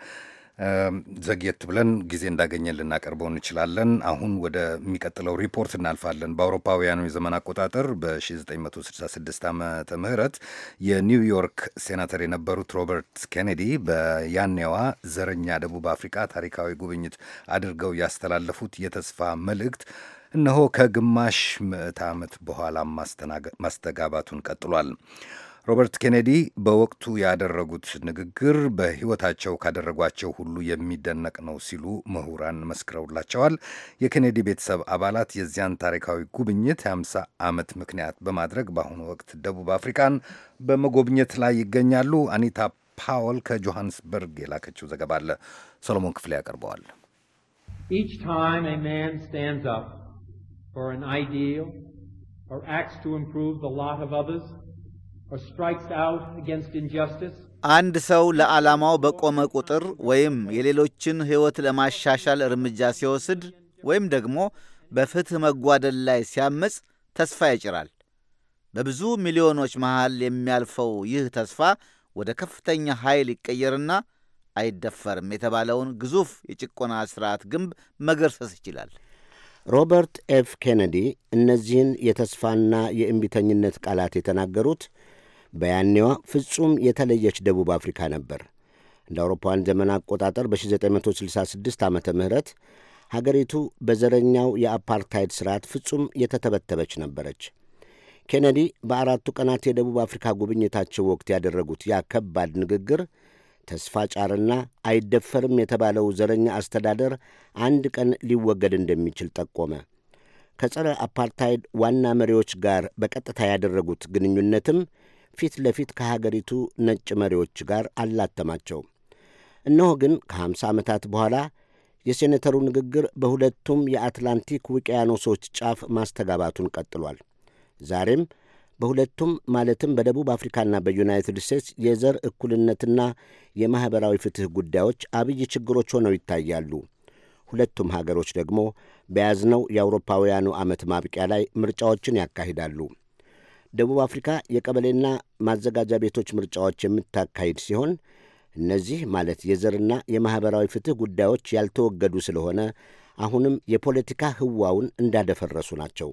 ዘግየት ብለን ጊዜ እንዳገኘን ልናቀርበው እንችላለን። አሁን ወደሚቀጥለው ሪፖርት እናልፋለን። በአውሮፓውያኑ የዘመን አቆጣጠር በ1966 ዓ ምህረት የኒውዮርክ ሴናተር የነበሩት ሮበርት ኬኔዲ በያኔዋ ዘረኛ ደቡብ አፍሪካ ታሪካዊ ጉብኝት አድርገው ያስተላለፉት የተስፋ መልእክት እነሆ ከግማሽ ምዕተ ዓመት በኋላ ማስተጋባቱን ቀጥሏል። ሮበርት ኬኔዲ በወቅቱ ያደረጉት ንግግር በሕይወታቸው ካደረጓቸው ሁሉ የሚደነቅ ነው ሲሉ ምሁራን መስክረውላቸዋል። የኬኔዲ ቤተሰብ አባላት የዚያን ታሪካዊ ጉብኝት የ50 ዓመት ምክንያት በማድረግ በአሁኑ ወቅት ደቡብ አፍሪካን በመጎብኘት ላይ ይገኛሉ። አኒታ ፓወል ከጆሃንስበርግ የላከችው ዘገባ አለ። ሰሎሞን ክፍሌ ያቀርበዋል። for an ideal or acts to improve the lot of others, አንድ ሰው ለዓላማው በቆመ ቁጥር ወይም የሌሎችን ሕይወት ለማሻሻል እርምጃ ሲወስድ ወይም ደግሞ በፍትሕ መጓደል ላይ ሲያምፅ ተስፋ ይጭራል። በብዙ ሚሊዮኖች መሃል የሚያልፈው ይህ ተስፋ ወደ ከፍተኛ ኃይል ይቀየርና አይደፈርም የተባለውን ግዙፍ የጭቆና ሥርዓት ግንብ መገርሰስ ይችላል። ሮበርት ኤፍ ኬነዲ እነዚህን የተስፋና የእምቢተኝነት ቃላት የተናገሩት በያኔዋ ፍጹም የተለየች ደቡብ አፍሪካ ነበር። እንደ አውሮፓውያን ዘመን አቆጣጠር በ1966 ዓ ምህረት ሀገሪቱ በዘረኛው የአፓርታይድ ስርዓት ፍጹም የተተበተበች ነበረች። ኬነዲ በአራቱ ቀናት የደቡብ አፍሪካ ጉብኝታቸው ወቅት ያደረጉት ያ ከባድ ንግግር ተስፋ ጫርና አይደፈርም የተባለው ዘረኛ አስተዳደር አንድ ቀን ሊወገድ እንደሚችል ጠቆመ። ከጸረ አፓርታይድ ዋና መሪዎች ጋር በቀጥታ ያደረጉት ግንኙነትም ፊት ለፊት ከሀገሪቱ ነጭ መሪዎች ጋር አላተማቸው። እነሆ ግን ከ ዓመታት በኋላ የሴኔተሩ ንግግር በሁለቱም የአትላንቲክ ውቅያኖሶች ጫፍ ማስተጋባቱን ቀጥሏል። ዛሬም በሁለቱም ማለትም በደቡብ አፍሪካና በዩናይትድ ስቴትስ የዘር እኩልነትና የማኅበራዊ ፍትሕ ጉዳዮች አብይ ችግሮች ሆነው ይታያሉ። ሁለቱም ሀገሮች ደግሞ በያዝነው የአውሮፓውያኑ ዓመት ማብቂያ ላይ ምርጫዎችን ያካሂዳሉ። ደቡብ አፍሪካ የቀበሌና ማዘጋጃ ቤቶች ምርጫዎች የምታካሂድ ሲሆን እነዚህ ማለት የዘርና የማኅበራዊ ፍትሕ ጉዳዮች ያልተወገዱ ስለሆነ አሁንም የፖለቲካ ህዋውን እንዳደፈረሱ ናቸው።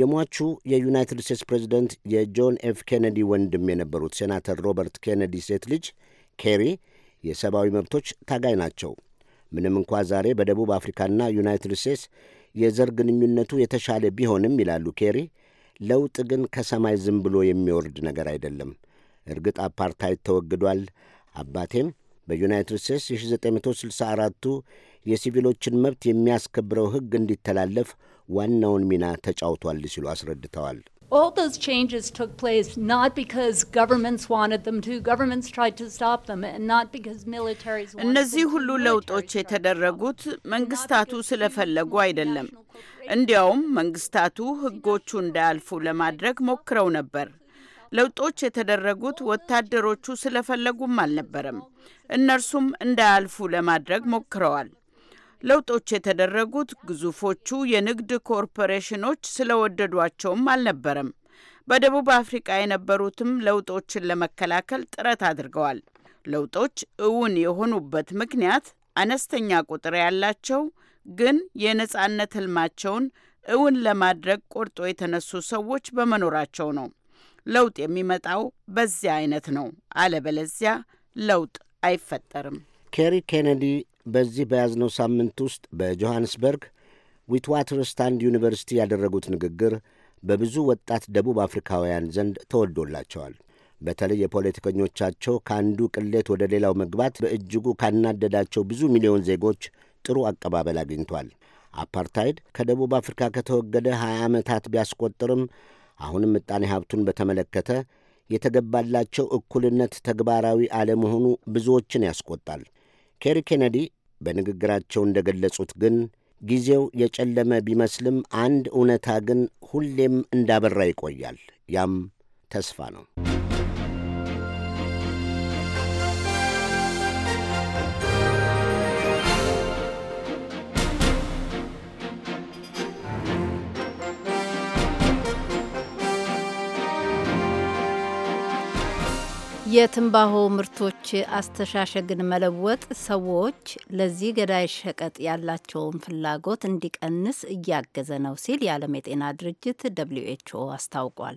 የሟቹ የዩናይትድ ስቴትስ ፕሬዚደንት የጆን ኤፍ ኬነዲ ወንድም የነበሩት ሴናተር ሮበርት ኬነዲ ሴት ልጅ ኬሪ የሰብአዊ መብቶች ታጋይ ናቸው። ምንም እንኳ ዛሬ በደቡብ አፍሪካና ዩናይትድ ስቴትስ የዘር ግንኙነቱ የተሻለ ቢሆንም ይላሉ ኬሪ ለውጥ ግን ከሰማይ ዝም ብሎ የሚወርድ ነገር አይደለም። እርግጥ አፓርታይድ ተወግዷል። አባቴም በዩናይትድ ስቴትስ የ1964ቱ የሲቪሎችን መብት የሚያስከብረው ሕግ እንዲተላለፍ ዋናውን ሚና ተጫውቷል ሲሉ አስረድተዋል። All those changes took place not because governments wanted them to, governments tried to stop them, and not because militaries wanted እነዚህ ሁሉ ለውጦች የተደረጉት መንግስታቱ ስለፈለጉ አይደለም። እንዲያውም መንግስታቱ ህጎቹ እንዳያልፉ ለማድረግ ሞክረው ነበር። ለውጦች የተደረጉት ወታደሮቹ ስለፈለጉም አልነበረም። እነርሱም እንዳያልፉ ለማድረግ ሞክረዋል። ለውጦች የተደረጉት ግዙፎቹ የንግድ ኮርፖሬሽኖች ስለወደዷቸውም አልነበረም። በደቡብ አፍሪቃ የነበሩትም ለውጦችን ለመከላከል ጥረት አድርገዋል። ለውጦች እውን የሆኑበት ምክንያት አነስተኛ ቁጥር ያላቸው ግን የነጻነት ህልማቸውን እውን ለማድረግ ቆርጦ የተነሱ ሰዎች በመኖራቸው ነው። ለውጥ የሚመጣው በዚያ አይነት ነው። አለበለዚያ ለውጥ አይፈጠርም። ኬሪ ኬነዲ በዚህ በያዝነው ሳምንት ውስጥ በጆሐንስበርግ ዊትዋትርስታንድ ዩኒቨርሲቲ ያደረጉት ንግግር በብዙ ወጣት ደቡብ አፍሪካውያን ዘንድ ተወዶላቸዋል። በተለይ የፖለቲከኞቻቸው ከአንዱ ቅሌት ወደ ሌላው መግባት በእጅጉ ካናደዳቸው ብዙ ሚሊዮን ዜጎች ጥሩ አቀባበል አግኝቷል። አፓርታይድ ከደቡብ አፍሪካ ከተወገደ 20 ዓመታት ቢያስቆጥርም አሁንም ምጣኔ ሀብቱን በተመለከተ የተገባላቸው እኩልነት ተግባራዊ አለመሆኑ ብዙዎችን ያስቆጣል። ኬሪ ኬነዲ በንግግራቸው እንደ ገለጹት ግን ጊዜው የጨለመ ቢመስልም አንድ እውነታ ግን ሁሌም እንዳበራ ይቆያል። ያም ተስፋ ነው። የትንባሆ ምርቶች አስተሻሸግን መለወጥ ሰዎች ለዚህ ገዳይ ሸቀጥ ያላቸውን ፍላጎት እንዲቀንስ እያገዘ ነው ሲል የዓለም የጤና ድርጅት ደብሊው ኤችኦ አስታውቋል።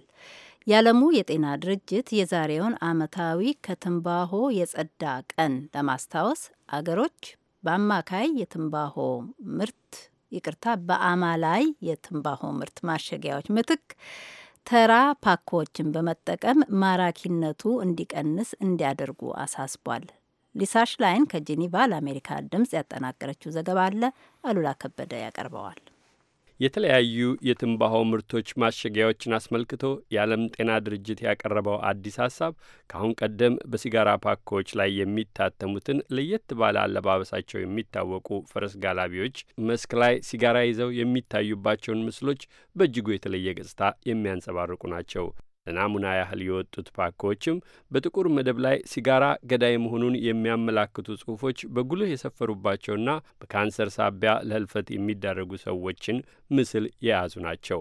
የዓለሙ የጤና ድርጅት የዛሬውን ዓመታዊ ከትንባሆ የጸዳ ቀን ለማስታወስ አገሮች በአማካይ የትንባሆ ምርት ይቅርታ፣ በአማላይ የትንባሆ ምርት ማሸጊያዎች ምትክ ተራ ፓኮዎችን በመጠቀም ማራኪነቱ እንዲቀንስ እንዲያደርጉ አሳስቧል። ሊሳሽ ላይን ከጄኒቫ ለአሜሪካ ድምፅ ያጠናቀረችው ዘገባ አለ። አሉላ ከበደ ያቀርበዋል። የተለያዩ የትንባሆ ምርቶች ማሸጊያዎችን አስመልክቶ የዓለም ጤና ድርጅት ያቀረበው አዲስ ሀሳብ ከአሁን ቀደም በሲጋራ ፓኮዎች ላይ የሚታተሙትን ለየት ባለ አለባበሳቸው የሚታወቁ ፈረስ ጋላቢዎች መስክ ላይ ሲጋራ ይዘው የሚታዩባቸውን ምስሎች በእጅጉ የተለየ ገጽታ የሚያንጸባርቁ ናቸው። ለናሙና ያህል የወጡት ፓኮዎችም በጥቁር መደብ ላይ ሲጋራ ገዳይ መሆኑን የሚያመላክቱ ጽሑፎች በጉልህ የሰፈሩባቸውና በካንሰር ሳቢያ ለህልፈት የሚዳረጉ ሰዎችን ምስል የያዙ ናቸው።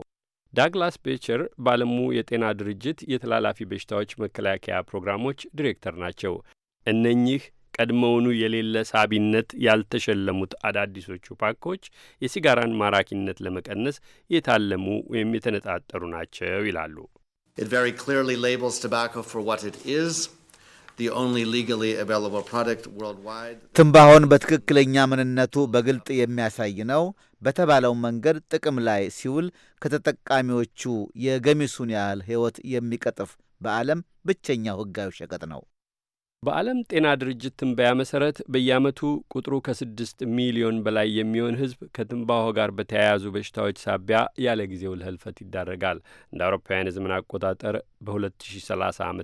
ዳግላስ ቤቸር በዓለሙ የጤና ድርጅት የተላላፊ በሽታዎች መከላከያ ፕሮግራሞች ዲሬክተር ናቸው። እነኚህ ቀድሞውኑ የሌለ ሳቢነት ያልተሸለሙት አዳዲሶቹ ፓኮች የሲጋራን ማራኪነት ለመቀነስ የታለሙ ወይም የተነጣጠሩ ናቸው ይላሉ። It very clearly labels tobacco for what it is. ትንባሆን በትክክለኛ ምንነቱ በግልጥ የሚያሳይ ነው። በተባለው መንገድ ጥቅም ላይ ሲውል ከተጠቃሚዎቹ የገሚሱን ያህል ሕይወት የሚቀጥፍ በዓለም ብቸኛው ሕጋዊ ሸቀጥ ነው። በዓለም ጤና ድርጅት ትንበያ መሰረት በየዓመቱ ቁጥሩ ከስድስት ሚሊዮን በላይ የሚሆን ህዝብ ከትንባሆ ጋር በተያያዙ በሽታዎች ሳቢያ ያለ ጊዜው ለህልፈት ይዳረጋል። እንደ አውሮፓውያን የዘመን አቆጣጠር በ2030 ዓ ም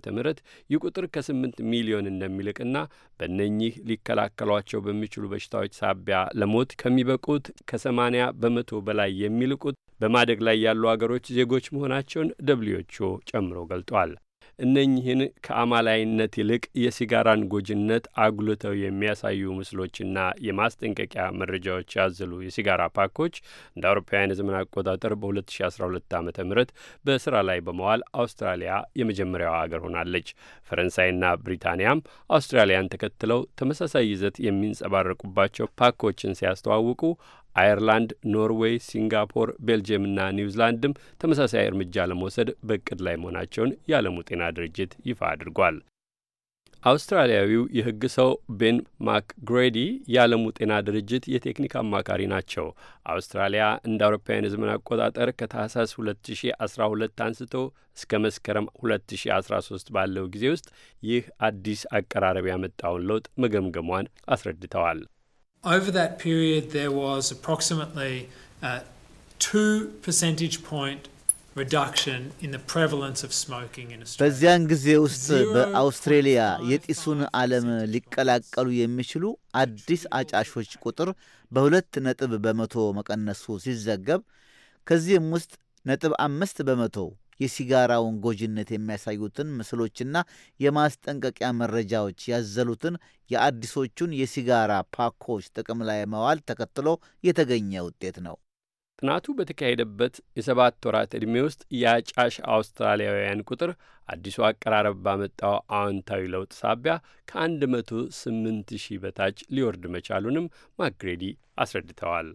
ይህ ቁጥር ከ8 ሚሊዮን እንደሚልቅና በእነኚህ ሊከላከሏቸው በሚችሉ በሽታዎች ሳቢያ ለሞት ከሚበቁት ከ80 በመቶ በላይ የሚልቁት በማደግ ላይ ያሉ አገሮች ዜጎች መሆናቸውን ደብልዩ ጨምሮ ገልጧል። እነኚህን ከአማላይነት ይልቅ የሲጋራን ጎጅነት አጉልተው የሚያሳዩ ምስሎችና የማስጠንቀቂያ መረጃዎች ያዘሉ የሲጋራ ፓኮች እንደ አውሮፓውያን የዘመን አቆጣጠር በ2012 ዓ ም በስራ ላይ በመዋል አውስትራሊያ የመጀመሪያዋ አገር ሆናለች። ፈረንሳይና ብሪታንያም አውስትራሊያን ተከትለው ተመሳሳይ ይዘት የሚንጸባረቁባቸው ፓኮችን ሲያስተዋውቁ አየርላንድ፣ ኖርዌይ፣ ሲንጋፖር፣ ቤልጅየምና ኒውዚላንድም ተመሳሳይ እርምጃ ለመውሰድ በእቅድ ላይ መሆናቸውን የዓለሙ ጤና ድርጅት ይፋ አድርጓል። አውስትራሊያዊው የሕግ ሰው ቤን ማክግሬዲ የዓለሙ ጤና ድርጅት የቴክኒክ አማካሪ ናቸው። አውስትራሊያ እንደ አውሮፓውያን ዘመን አቆጣጠር ከታህሳስ 2012 አንስቶ እስከ መስከረም 2013 ባለው ጊዜ ውስጥ ይህ አዲስ አቀራረብ ያመጣውን ለውጥ መገምገሟን አስረድተዋል። Over that period, there was approximately a two percentage point reduction in in the prevalence of smoking Australia. በዚያን ጊዜ ውስጥ በአውስትሬሊያ የጢሱን ዓለም ሊቀላቀሉ የሚችሉ አዲስ አጫሾች ቁጥር በሁለት ነጥብ በመቶ መቀነሱ ሲዘገብ ከዚህም ውስጥ ነጥብ አምስት በመቶ የሲጋራውን ጎጂነት የሚያሳዩትን ምስሎችና የማስጠንቀቂያ መረጃዎች ያዘሉትን የአዲሶቹን የሲጋራ ፓኮች ጥቅም ላይ መዋል ተከትሎ የተገኘ ውጤት ነው። ጥናቱ በተካሄደበት የሰባት ወራት ዕድሜ ውስጥ የአጫሽ አውስትራሊያውያን ቁጥር አዲሱ አቀራረብ ባመጣው አዎንታዊ ለውጥ ሳቢያ ከ108 ሺህ በታች ሊወርድ መቻሉንም ማግሬዲ አስረድተዋል።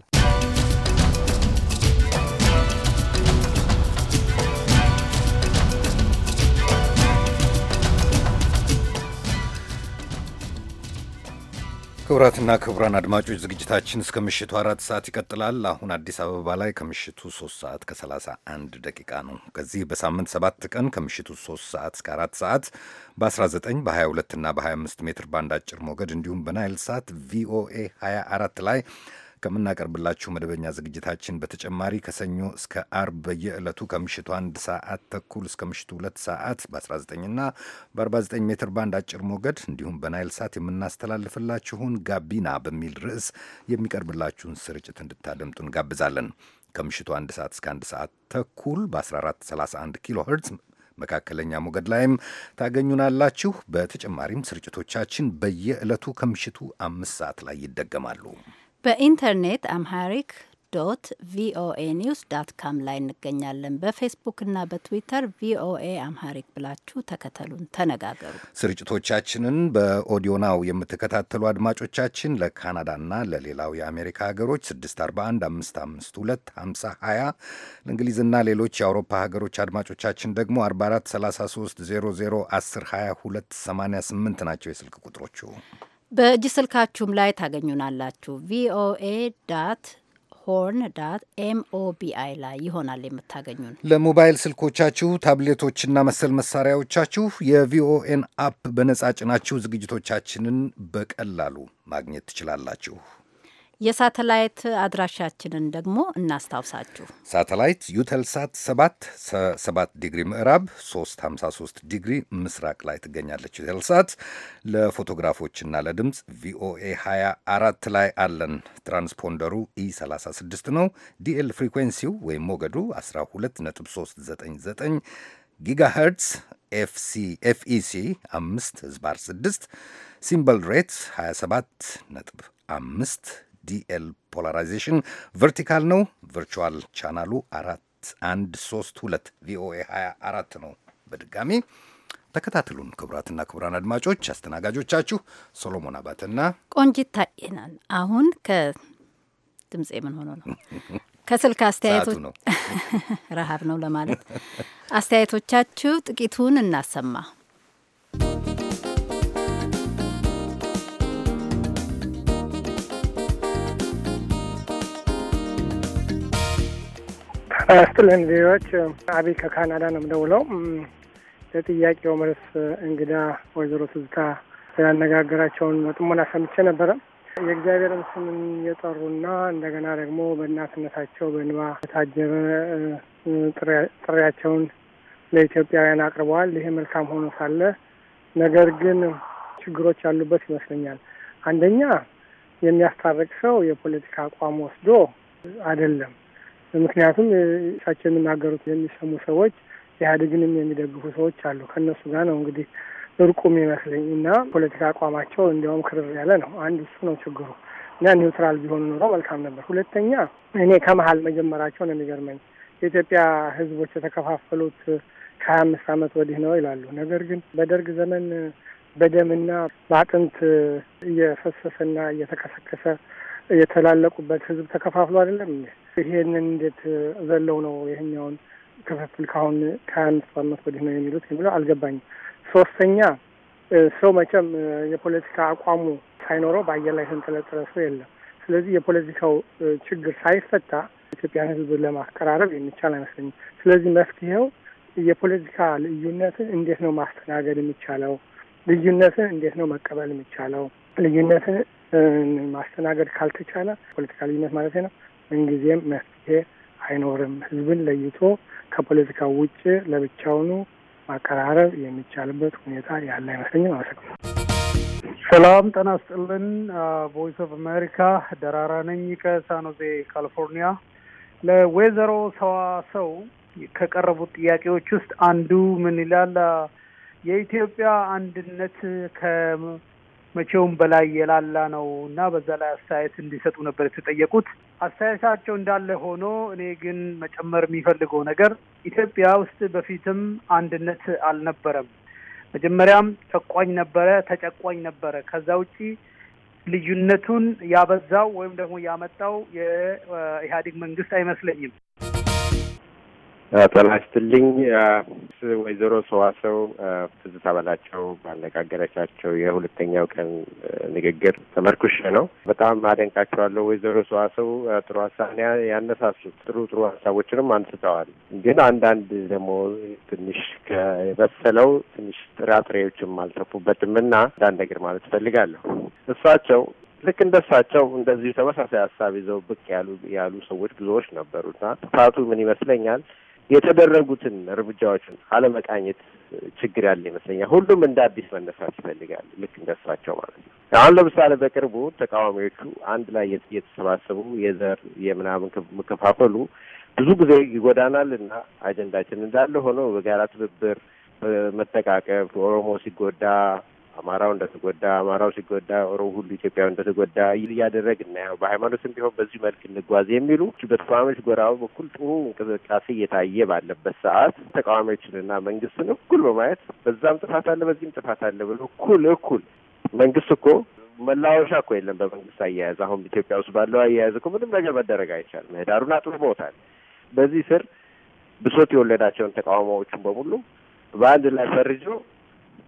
ክቡራትና ክቡራን አድማጮች ዝግጅታችን እስከ ምሽቱ አራት ሰዓት ይቀጥላል። አሁን አዲስ አበባ ላይ ከምሽቱ ሶስት ሰዓት ከሰላሳ አንድ ደቂቃ ነው። ከዚህ በሳምንት ሰባት ቀን ከምሽቱ ሶስት ሰዓት እስከ አራት ሰዓት በ19 በ22 እና በ25 ሜትር ባንድ አጭር ሞገድ እንዲሁም በናይል ሳት ቪኦኤ 24 ላይ ከምናቀርብላችሁ መደበኛ ዝግጅታችን በተጨማሪ ከሰኞ እስከ አርብ በየዕለቱ ከምሽቱ አንድ ሰዓት ተኩል እስከ ምሽቱ ሁለት ሰዓት በ19ና በ49 ሜትር ባንድ አጭር ሞገድ እንዲሁም በናይል ሳት የምናስተላልፍላችሁን ጋቢና በሚል ርዕስ የሚቀርብላችሁን ስርጭት እንድታደምጡ እንጋብዛለን። ከምሽቱ አንድ ሰዓት እስከ አንድ ሰዓት ተኩል በ1431 ኪሎ ሄርትዝ መካከለኛ ሞገድ ላይም ታገኙናላችሁ። በተጨማሪም ስርጭቶቻችን በየዕለቱ ከምሽቱ አምስት ሰዓት ላይ ይደገማሉ። በኢንተርኔት አምሃሪክ ዶት ቪኦኤ ኒውስ ዳት ካም ላይ እንገኛለን። በፌስቡክ በፌስቡክና በትዊተር ቪኦኤ አምሃሪክ ብላችሁ ተከተሉን፣ ተነጋገሩ። ስርጭቶቻችንን በኦዲዮ ናው የምትከታተሉ አድማጮቻችን ለካናዳና ለሌላው የአሜሪካ ሀገሮች 641 552 50 20 ለእንግሊዝና ሌሎች የአውሮፓ ሀገሮች አድማጮቻችን ደግሞ 44 33 00 10 ናቸው የስልክ ቁጥሮቹ። በእጅ ስልካችሁም ላይ ታገኙናላችሁ። ቪኦኤ ዳት ሆርን ዳት ኤምኦቢአይ ላይ ይሆናል የምታገኙን። ለሞባይል ስልኮቻችሁ ታብሌቶችና መሰል መሳሪያዎቻችሁ የቪኦኤን አፕ በነጻ ጭናችሁ ዝግጅቶቻችንን በቀላሉ ማግኘት ትችላላችሁ። የሳተላይት አድራሻችንን ደግሞ እናስታውሳችሁ። ሳተላይት ዩተልሳት 7 7 ዲግሪ ምዕራብ 353 ዲግሪ ምስራቅ ላይ ትገኛለች። ዩተልሳት ለፎቶግራፎችና ለድምፅ ቪኦኤ 24 ላይ አለን። ትራንስፖንደሩ ኢ36 ነው። ዲኤል ፍሪኩዌንሲው ወይም ሞገዱ 12399 ጊጋሄርትስ ኤፍኢሲ 5 ዝባር 6 ሲምበል ሬት 27 ነጥብ አምስት ዲኤል ፖላራይዜሽን ቨርቲካል ነው። ቨርቹዋል ቻናሉ አራት አንድ ሶስት ሁለት ቪኦኤ 24 ነው። በድጋሚ ተከታተሉን ክቡራትና ክቡራን አድማጮች። አስተናጋጆቻችሁ ሶሎሞን አባትና ቆንጂት ታየናን። አሁን ከድምፅ ምን ሆኖ ነው ከስልክ አስተያየቶች ረሃብ ነው ለማለት አስተያየቶቻችሁ ጥቂቱን እናሰማ። ስትልን ቪዎች አቢ ከካናዳ ነው የምደውለው። ለጥያቄው መልስ እንግዳ ወይዘሮ ትዝታ ያነጋገራቸውን በጥሞና ሰምቼ ነበረ። የእግዚአብሔርን ስምን የጠሩና እንደገና ደግሞ በእናትነታቸው በንባ የታጀበ ጥሪያቸውን ለኢትዮጵያውያን አቅርበዋል። ይህ መልካም ሆኖ ሳለ ነገር ግን ችግሮች ያሉበት ይመስለኛል። አንደኛ የሚያስታርቅ ሰው የፖለቲካ አቋም ወስዶ አይደለም ምክንያቱም እሳቸው የሚናገሩት የሚሰሙ ሰዎች ኢህአዴግንም የሚደግፉ ሰዎች አሉ። ከእነሱ ጋር ነው እንግዲህ እርቁም ይመስለኝ እና ፖለቲካ አቋማቸው እንዲያውም ክርር ያለ ነው። አንድ እሱ ነው ችግሩ እና ኒውትራል ቢሆኑ ኖሮ መልካም ነበር። ሁለተኛ እኔ ከመሀል መጀመራቸው ነው የሚገርመኝ። የኢትዮጵያ ህዝቦች የተከፋፈሉት ከሀያ አምስት አመት ወዲህ ነው ይላሉ። ነገር ግን በደርግ ዘመን በደምና በአጥንት እየፈሰሰና እየተከሰከሰ የተላለቁበት ህዝብ ተከፋፍሎ አይደለም ይሄንን እንዴት ዘለው ነው ይህኛውን ክፍፍል ከአሁን ከአንድ አመት ወዲህ ነው የሚሉት የሚለው አልገባኝም። ሶስተኛ ሰው መቼም የፖለቲካ አቋሙ ሳይኖረው በአየር ላይ ተንጠለጠለ ሰው የለም። ስለዚህ የፖለቲካው ችግር ሳይፈታ ኢትዮጵያን ህዝብ ለማቀራረብ የሚቻል አይመስለኝም። ስለዚህ መፍትሄው የፖለቲካ ልዩነትን እንዴት ነው ማስተናገድ የሚቻለው? ልዩነትን እንዴት ነው መቀበል የሚቻለው? ልዩነትን ማስተናገድ ካልተቻለ ፖለቲካ ልዩነት ማለት ነው፣ ምንጊዜም መፍትሄ አይኖርም። ህዝብን ለይቶ ከፖለቲካ ውጭ ለብቻውኑ ማቀራረብ የሚቻልበት ሁኔታ ያለ አይመስለኝም። አመሰግናለሁ። ሰላም ጤና ይስጥልን። ቮይስ ኦፍ አሜሪካ ደራራ ነኝ ከሳኖዜ ካሊፎርኒያ። ለወይዘሮ ሰዋሰው ከቀረቡት ጥያቄዎች ውስጥ አንዱ ምን ይላል የኢትዮጵያ አንድነት መቼውም በላይ የላላ ነው እና በዛ ላይ አስተያየት እንዲሰጡ ነበር የተጠየቁት። አስተያየታቸው እንዳለ ሆኖ እኔ ግን መጨመር የሚፈልገው ነገር ኢትዮጵያ ውስጥ በፊትም አንድነት አልነበረም። መጀመሪያም ጨቋኝ ነበረ፣ ተጨቋኝ ነበረ። ከዛ ውጪ ልዩነቱን ያበዛው ወይም ደግሞ ያመጣው የኢህአዴግ መንግስት አይመስለኝም። ጤና ይስጥልኝ ወይዘሮ ሰዋሰው ትዝታ በላቸው ባነጋገረቻቸው የሁለተኛው ቀን ንግግር ተመርኩሽ ነው። በጣም አደንቃቸዋለሁ ወይዘሮ ሰዋሰው ጥሩ ሀሳብ ያነሳሱት ጥሩ ጥሩ ሀሳቦችንም አንስተዋል። ግን አንዳንድ ደግሞ ትንሽ የበሰለው ትንሽ ጥራጥሬዎችም አልተፉበትም እና አንዳንድ ነገር ማለት እፈልጋለሁ እሳቸው ልክ እንደሳቸው እንደዚሁ ተመሳሳይ ሀሳብ ይዘው ብቅ ያሉ ያሉ ሰዎች ብዙዎች ነበሩና ጥፋቱ ምን ይመስለኛል የተደረጉትን እርምጃዎችን አለመቃኘት ችግር ያለ ይመስለኛል። ሁሉም እንደ አዲስ መነሳት ይፈልጋል፣ ልክ እንደሳቸው ማለት ነው። አሁን ለምሳሌ በቅርቡ ተቃዋሚዎቹ አንድ ላይ የተሰባሰቡ የዘር የምናምን መከፋፈሉ ብዙ ጊዜ ይጎዳናል እና አጀንዳችን እንዳለ ሆኖ በጋራ ትብብር መጠቃቀብ ኦሮሞ ሲጎዳ አማራው እንደተጎዳ አማራው ሲጎዳ ኦሮ ሁሉ ኢትዮጵያ እንደተጎዳ እያደረግ እናየው በሃይማኖትም ቢሆን በዚህ መልክ እንጓዝ የሚሉ በተቃዋሚዎች ጎራው በኩል ጥሩ እንቅስቃሴ እየታየ ባለበት ሰዓት ተቃዋሚዎችንና መንግስትን እኩል በማየት በዛም ጥፋት አለ፣ በዚህም ጥፋት አለ ብሎ እኩል እኩል መንግስት እኮ መላወሻ እኮ የለም። በመንግስት አያያዝ አሁን ኢትዮጵያ ውስጥ ባለው አያያዝ እኮ ምንም ነገር መደረግ አይቻልም። ምህዳሩን አጥብቦታል። በዚህ ስር ብሶት የወለዳቸውን ተቃውሞዎቹን በሙሉ በአንድ ላይ ፈርጆ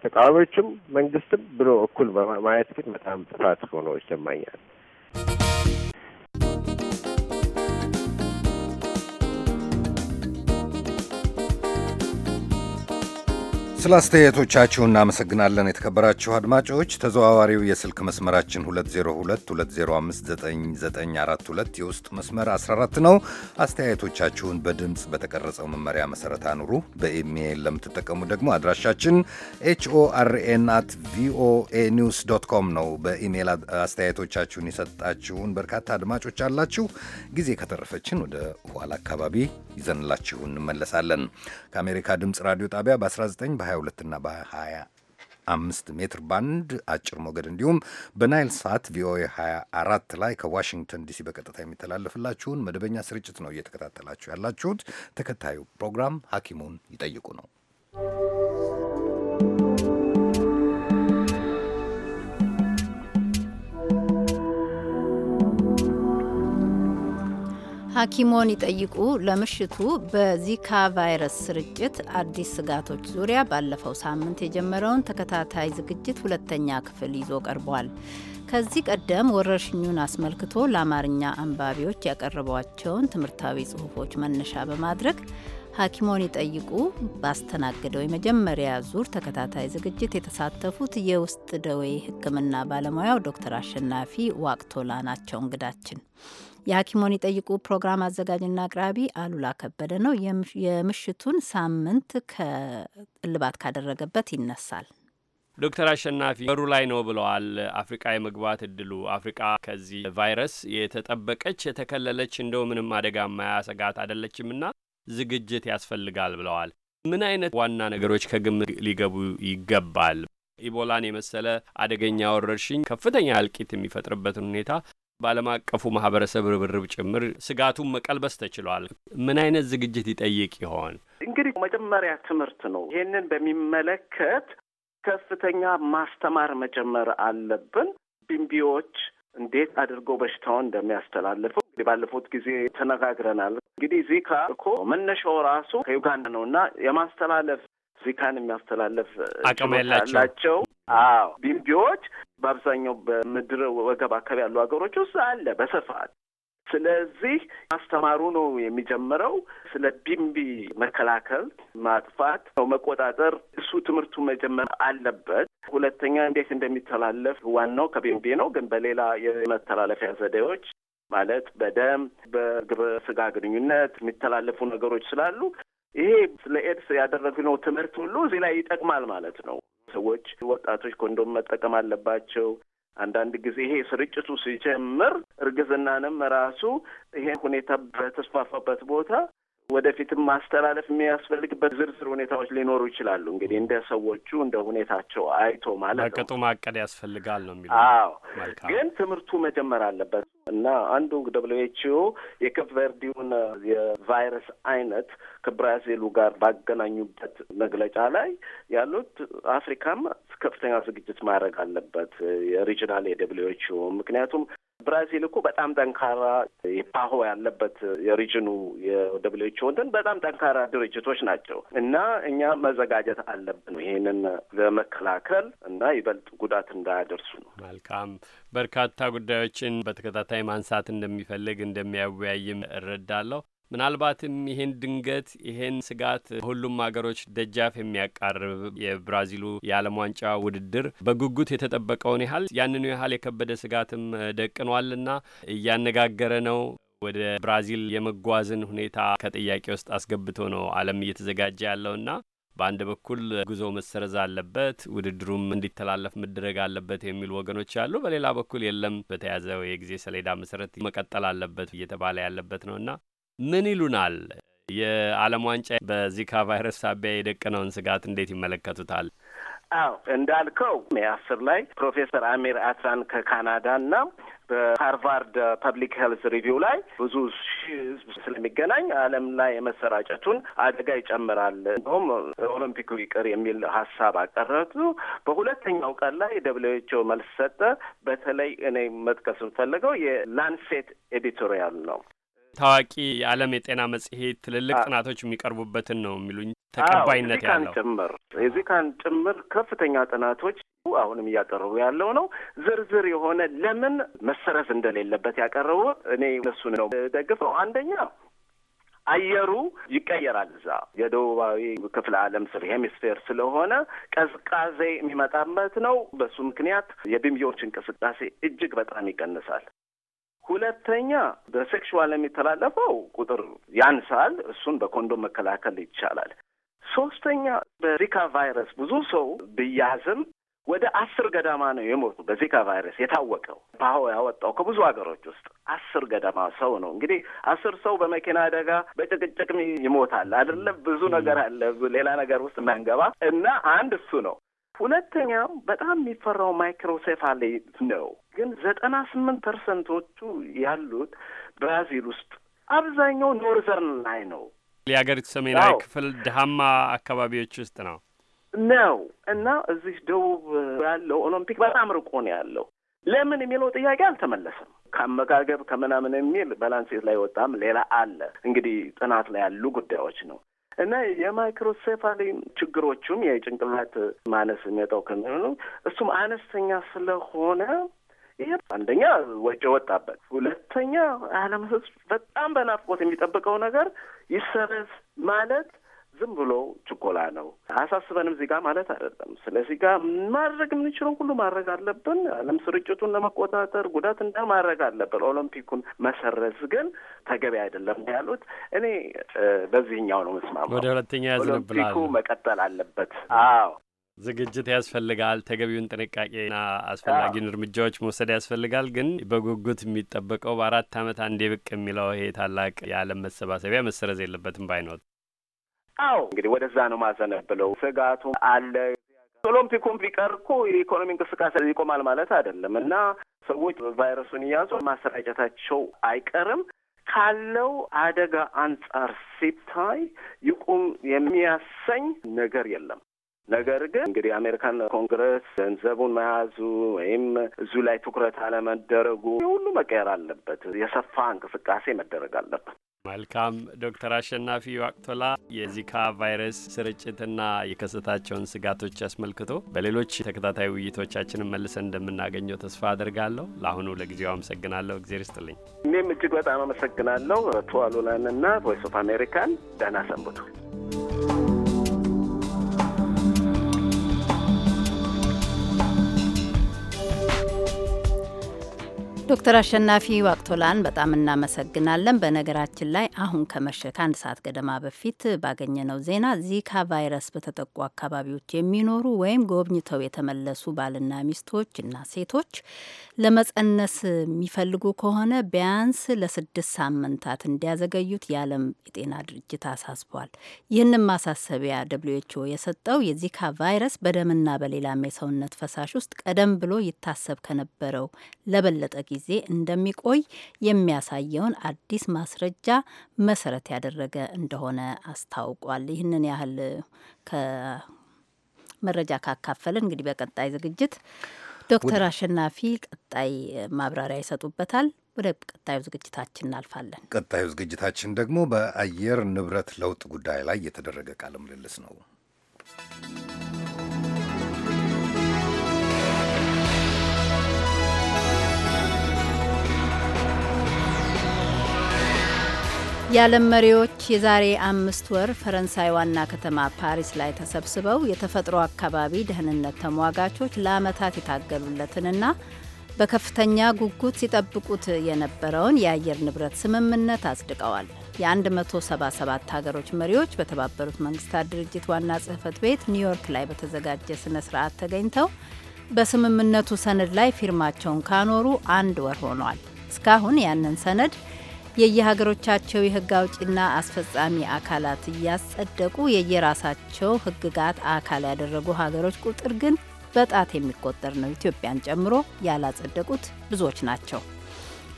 ተቃዋሚዎችም መንግስትም ብሎ እኩል በማየት ግን በጣም ጥፋት ሆኖ ይሰማኛል። ስለ አስተያየቶቻችሁ እናመሰግናለን። የተከበራችሁ አድማጮች ተዘዋዋሪው የስልክ መስመራችን 2022059942 የውስጥ መስመር 14 ነው። አስተያየቶቻችሁን በድምፅ በተቀረጸው መመሪያ መሰረት አኑሩ። በኢሜይል ለምትጠቀሙ ደግሞ አድራሻችን ኤችኦአርኤን አት ቪኦኤ ኒውስ ዶት ኮም ነው። በኢሜይል አስተያየቶቻችሁን የሰጣችሁን በርካታ አድማጮች አላችሁ። ጊዜ ከተረፈችን ወደ ኋላ አካባቢ ይዘንላችሁ እንመለሳለን። ከአሜሪካ ድምፅ ራዲዮ ጣቢያ በ19 በ በ22 ና በ25 ሜትር ባንድ አጭር ሞገድ እንዲሁም በናይል ሳት ቪኦኤ 24 ላይ ከዋሽንግተን ዲሲ በቀጥታ የሚተላለፍላችሁን መደበኛ ስርጭት ነው እየተከታተላችሁ ያላችሁት። ተከታዩ ፕሮግራም ሐኪሙን ይጠይቁ ነው። ሐኪሞን ይጠይቁ ለምሽቱ በዚካ ቫይረስ ስርጭት አዲስ ስጋቶች ዙሪያ ባለፈው ሳምንት የጀመረውን ተከታታይ ዝግጅት ሁለተኛ ክፍል ይዞ ቀርቧል። ከዚህ ቀደም ወረርሽኙን አስመልክቶ ለአማርኛ አንባቢዎች ያቀረቧቸውን ትምህርታዊ ጽሁፎች መነሻ በማድረግ ሐኪሞን ይጠይቁ ባስተናገደው የመጀመሪያ ዙር ተከታታይ ዝግጅት የተሳተፉት የውስጥ ደዌ ሕክምና ባለሙያው ዶክተር አሸናፊ ዋቅቶላ ናቸው እንግዳችን። የሐኪሞን ይጠይቁ ፕሮግራም አዘጋጅና አቅራቢ አሉላ ከበደ ነው። የምሽቱን ሳምንት ከእልባት ካደረገበት ይነሳል። ዶክተር አሸናፊ በሩ ላይ ነው ብለዋል። አፍሪቃ የመግባት እድሉ አፍሪቃ ከዚህ ቫይረስ የተጠበቀች የተከለለች እንደው ምንም አደጋ ማያሰጋት አይደለችምና ዝግጅት ያስፈልጋል ብለዋል። ምን አይነት ዋና ነገሮች ከግምት ሊገቡ ይገባል? ኢቦላን የመሰለ አደገኛ ወረርሽኝ ከፍተኛ እልቂት የሚፈጥርበትን ሁኔታ በዓለም አቀፉ ማህበረሰብ ርብርብ ጭምር ስጋቱን መቀልበስ ተችሏል። ምን አይነት ዝግጅት ይጠይቅ ይሆን? እንግዲህ መጀመሪያ ትምህርት ነው። ይህንን በሚመለከት ከፍተኛ ማስተማር መጀመር አለብን። ቢምቢዎች እንዴት አድርጎ በሽታውን እንደሚያስተላልፉ እንግዲህ ባለፉት ጊዜ ተነጋግረናል። እንግዲህ ዚካ እኮ መነሻው ራሱ ከዩጋንዳ ነው እና የማስተላለፍ ዚካን የሚያስተላለፍ አቅም ያላቸው አዎ ቢምቢዎች በአብዛኛው በምድር ወገብ አካባቢ ያሉ ሀገሮች ውስጥ አለ በስፋት። ስለዚህ ማስተማሩ ነው የሚጀምረው። ስለ ቢምቢ መከላከል፣ ማጥፋት ነው መቆጣጠር፣ እሱ ትምህርቱ መጀመር አለበት። ሁለተኛ እንዴት እንደሚተላለፍ ዋናው ከቢምቢ ነው፣ ግን በሌላ የመተላለፊያ ዘዴዎች ማለት በደም በግብረ ስጋ ግንኙነት የሚተላለፉ ነገሮች ስላሉ ይሄ ስለ ኤድስ ያደረግነው ትምህርት ሁሉ እዚህ ላይ ይጠቅማል ማለት ነው። ሰዎች ወጣቶች ኮንዶም መጠቀም አለባቸው። አንዳንድ ጊዜ ይሄ ስርጭቱ ሲጀምር እርግዝናንም ራሱ ይሄ ሁኔታ በተስፋፋበት ቦታ ወደፊትም ማስተላለፍ የሚያስፈልግበት ዝርዝር ሁኔታዎች ሊኖሩ ይችላሉ። እንግዲህ እንደ ሰዎቹ እንደ ሁኔታቸው አይቶ ማለት ነው። በቅጡ ማቀድ ያስፈልጋል ነው የሚለው። አዎ፣ ግን ትምህርቱ መጀመር አለበት። እና አንዱ ደብሊው ኤችኦ የኬፕ ቨርዲውን የቫይረስ አይነት ከብራዚሉ ጋር ባገናኙበት መግለጫ ላይ ያሉት አፍሪካም ከፍተኛ ዝግጅት ማድረግ አለበት የሪጅናል የደብሊው ኤችኦ ምክንያቱም ብራዚል እኮ በጣም ጠንካራ የፓሆ ያለበት የሪጅኑ የደብሊው ኤች ኦ እንትን በጣም ጠንካራ ድርጅቶች ናቸው እና እኛ መዘጋጀት አለብን ይሄንን ለመከላከል እና ይበልጥ ጉዳት እንዳያደርሱ ነው። መልካም በርካታ ጉዳዮችን በተከታታይ ማንሳት እንደሚፈልግ እንደሚያወያይም እረዳለሁ። ምናልባትም ይሄን ድንገት ይሄን ስጋት ሁሉም ሀገሮች ደጃፍ የሚያቃርብ የብራዚሉ የዓለም ዋንጫ ውድድር በጉጉት የተጠበቀውን ያህል ያንኑ ያህል የከበደ ስጋትም ደቅኗልና እያነጋገረ ነው። ወደ ብራዚል የመጓዝን ሁኔታ ከጥያቄ ውስጥ አስገብቶ ነው ዓለም እየተዘጋጀ ያለውና በአንድ በኩል ጉዞ መሰረዝ አለበት፣ ውድድሩም እንዲተላለፍ መደረግ አለበት የሚሉ ወገኖች አሉ። በሌላ በኩል የለም፣ በተያዘው የጊዜ ሰሌዳ መሰረት መቀጠል አለበት እየተባለ ያለበት ነውና ምን ይሉናል? የዓለም ዋንጫ በዚካ ቫይረስ ሳቢያ የደቀነውን ስጋት እንዴት ይመለከቱታል? አዎ እንዳልከው ሜ አስር ላይ ፕሮፌሰር አሚር አትራን ከካናዳና በሃርቫርድ ፐብሊክ ሄልት ሪቪው ላይ ብዙ ህዝብ ስለሚገናኝ ዓለም ላይ የመሰራጨቱን አደጋ ይጨምራል፣ እንዲሁም ኦሎምፒኩ ይቅር የሚል ሀሳብ አቀረቱ። በሁለተኛው ቀን ላይ ደብሊውኤችኦ መልስ ሰጠ። በተለይ እኔ መጥቀስ የምፈልገው የላንሴት ኤዲቶሪያል ነው። ታዋቂ የዓለም የጤና መጽሔት ትልልቅ ጥናቶች የሚቀርቡበትን ነው የሚሉኝ ተቀባይነት ያለው ጭምር የዚካን ጭምር ከፍተኛ ጥናቶች አሁንም እያቀረቡ ያለው ነው። ዝርዝር የሆነ ለምን መሰረዝ እንደሌለበት ያቀረቡ እኔ እነሱን ነው ደግፈው አንደኛ አየሩ ይቀየራል። እዛ የደቡባዊ ክፍለ ዓለም ስር ሄሚስፌር ስለሆነ ቀዝቃዜ የሚመጣበት ነው። በሱ ምክንያት የድምቢዎች እንቅስቃሴ እጅግ በጣም ይቀንሳል። ሁለተኛ በሴክሽዋል የሚተላለፈው ቁጥር ያንሳል። እሱን በኮንዶም መከላከል ይቻላል። ሶስተኛ በዚካ ቫይረስ ብዙ ሰው ብያዝም ወደ አስር ገዳማ ነው የሞቱ በዚካ ቫይረስ የታወቀው ፓሆ ያወጣው ከብዙ ሀገሮች ውስጥ አስር ገደማ ሰው ነው እንግዲህ አስር ሰው በመኪና አደጋ በጭቅጭቅም ይሞታል አይደለም ብዙ ነገር አለ ሌላ ነገር ውስጥ መንገባ እና አንድ እሱ ነው ሁለተኛው በጣም የሚፈራው ማይክሮሴፋሊ ነው። ግን ዘጠና ስምንት ፐርሰንቶቹ ያሉት ብራዚል ውስጥ አብዛኛው ኖርዘርን ላይ ነው። የሀገሪቱ ሰሜናዊ ክፍል ድሃማ አካባቢዎች ውስጥ ነው ነው እና እዚህ ደቡብ ያለው ኦሎምፒክ በጣም ርቆ ነው ያለው። ለምን የሚለው ጥያቄ አልተመለሰም። ከአመጋገብ ከምናምን የሚል ባላንሴት ላይ ወጣም ሌላ አለ። እንግዲህ ጥናት ላይ ያሉ ጉዳዮች ነው። እና የማይክሮሴፋሊ ችግሮቹም የጭንቅላት ማነስ የሚመጣው ከሚሆኑ እሱም አነስተኛ ስለሆነ ይሄ አንደኛ ወጪ ወጣበት፣ ሁለተኛ ዓለም ህዝብ በጣም በናፍቆት የሚጠብቀው ነገር ይሰረዝ ማለት ዝም ብሎ ችኮላ ነው። አያሳስበንም ዚጋ ማለት አይደለም። ስለ ጋ ማድረግ የምንችለውን ሁሉ ማድረግ አለብን። ዓለም ስርጭቱን ለመቆጣጠር ጉዳት እንደ ማድረግ አለብን። ኦሎምፒኩን መሰረዝ ግን ተገቢ አይደለም ያሉት እኔ በዚህኛው ነው መስማማ። ወደ ሁለተኛ ኦሎምፒኩ መቀጠል አለበት። አዎ ዝግጅት ያስፈልጋል። ተገቢውን ጥንቃቄና አስፈላጊውን እርምጃዎች መውሰድ ያስፈልጋል። ግን በጉጉት የሚጠበቀው በአራት ዓመት አንዴ ብቅ የሚለው ይሄ ታላቅ የዓለም መሰባሰቢያ መሰረዝ የለበትም ባይኖት አዎ እንግዲህ ወደዛ ነው ማዘነብለው። ስጋቱ አለ። ኦሎምፒኩም ቢቀር እኮ የኢኮኖሚ እንቅስቃሴ ይቆማል ማለት አይደለም እና ሰዎች ቫይረሱን እያዙ ማሰራጨታቸው አይቀርም። ካለው አደጋ አንጻር ሲታይ ይቁም የሚያሰኝ ነገር የለም። ነገር ግን እንግዲህ የአሜሪካን ኮንግረስ ገንዘቡን መያዙ ወይም እዙ ላይ ትኩረት አለመደረጉ ሁሉ መቀየር አለበት። የሰፋ እንቅስቃሴ መደረግ አለበት። መልካም ዶክተር አሸናፊ ዋቅቶላ የዚካ ቫይረስ ስርጭትና የከሰታቸውን ስጋቶች አስመልክቶ በሌሎች ተከታታይ ውይይቶቻችንን መልሰን እንደምናገኘው ተስፋ አድርጋለሁ። ለአሁኑ ለጊዜው አመሰግናለሁ። እግዜር ይስጥልኝ። እኔም እጅግ በጣም አመሰግናለሁ። ቱ አሉላንና ቮይስ ኦፍ አሜሪካን ደህና ሰንብቱ። ዶክተር አሸናፊ ዋቅቶላን በጣም እናመሰግናለን። በነገራችን ላይ አሁን ከመሸ ከአንድ ሰዓት ገደማ በፊት ባገኘነው ዜና ዚካ ቫይረስ በተጠቁ አካባቢዎች የሚኖሩ ወይም ጎብኝተው የተመለሱ ባልና ሚስቶች እና ሴቶች ለመጸነስ የሚፈልጉ ከሆነ ቢያንስ ለስድስት ሳምንታት እንዲያዘገዩት የዓለም የጤና ድርጅት አሳስቧል። ይህንም ማሳሰቢያ ደብሊው ኤች ኦ የሰጠው የዚካ ቫይረስ በደምና በሌላም የሰውነት ፈሳሽ ውስጥ ቀደም ብሎ ይታሰብ ከነበረው ለበለጠ ጊዜ እንደሚቆይ የሚያሳየውን አዲስ ማስረጃ መሰረት ያደረገ እንደሆነ አስታውቋል። ይህንን ያህል ከመረጃ ካካፈለ እንግዲህ በቀጣይ ዝግጅት ዶክተር አሸናፊ ቀጣይ ማብራሪያ ይሰጡበታል። ወደ ቀጣዩ ዝግጅታችን እናልፋለን። ቀጣዩ ዝግጅታችን ደግሞ በአየር ንብረት ለውጥ ጉዳይ ላይ የተደረገ ቃለ ምልልስ ነው። የዓለም መሪዎች የዛሬ አምስት ወር ፈረንሳይ ዋና ከተማ ፓሪስ ላይ ተሰብስበው የተፈጥሮ አካባቢ ደህንነት ተሟጋቾች ለዓመታት የታገሉለትንና በከፍተኛ ጉጉት ሲጠብቁት የነበረውን የአየር ንብረት ስምምነት አጽድቀዋል። የ177 ሀገሮች መሪዎች በተባበሩት መንግስታት ድርጅት ዋና ጽህፈት ቤት ኒውዮርክ ላይ በተዘጋጀ ስነ ስርዓት ተገኝተው በስምምነቱ ሰነድ ላይ ፊርማቸውን ካኖሩ አንድ ወር ሆኗል። እስካሁን ያንን ሰነድ የየሀገሮቻቸው የህግ አውጪና አስፈጻሚ አካላት እያጸደቁ የየራሳቸው ህግጋት አካል ያደረጉ ሀገሮች ቁጥር ግን በጣት የሚቆጠር ነው። ኢትዮጵያን ጨምሮ ያላጸደቁት ብዙዎች ናቸው።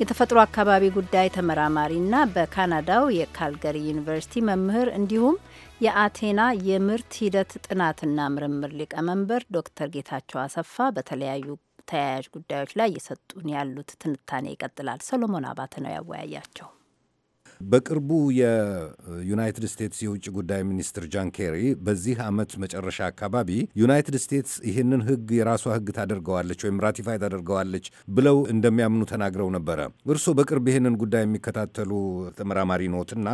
የተፈጥሮ አካባቢ ጉዳይ ተመራማሪና በካናዳው የካልገሪ ዩኒቨርሲቲ መምህር እንዲሁም የአቴና የምርት ሂደት ጥናትና ምርምር ሊቀመንበር ዶክተር ጌታቸው አሰፋ በተለያዩ ተያያዥ ጉዳዮች ላይ እየሰጡን ያሉት ትንታኔ ይቀጥላል። ሰሎሞን አባተ ነው ያወያያቸው። በቅርቡ የዩናይትድ ስቴትስ የውጭ ጉዳይ ሚኒስትር ጃን ኬሪ በዚህ ዓመት መጨረሻ አካባቢ ዩናይትድ ስቴትስ ይህንን ሕግ የራሷ ሕግ ታደርገዋለች ወይም ራቲፋይ ታደርገዋለች ብለው እንደሚያምኑ ተናግረው ነበረ። እርስዎ በቅርብ ይህንን ጉዳይ የሚከታተሉ ተመራማሪ ኖትና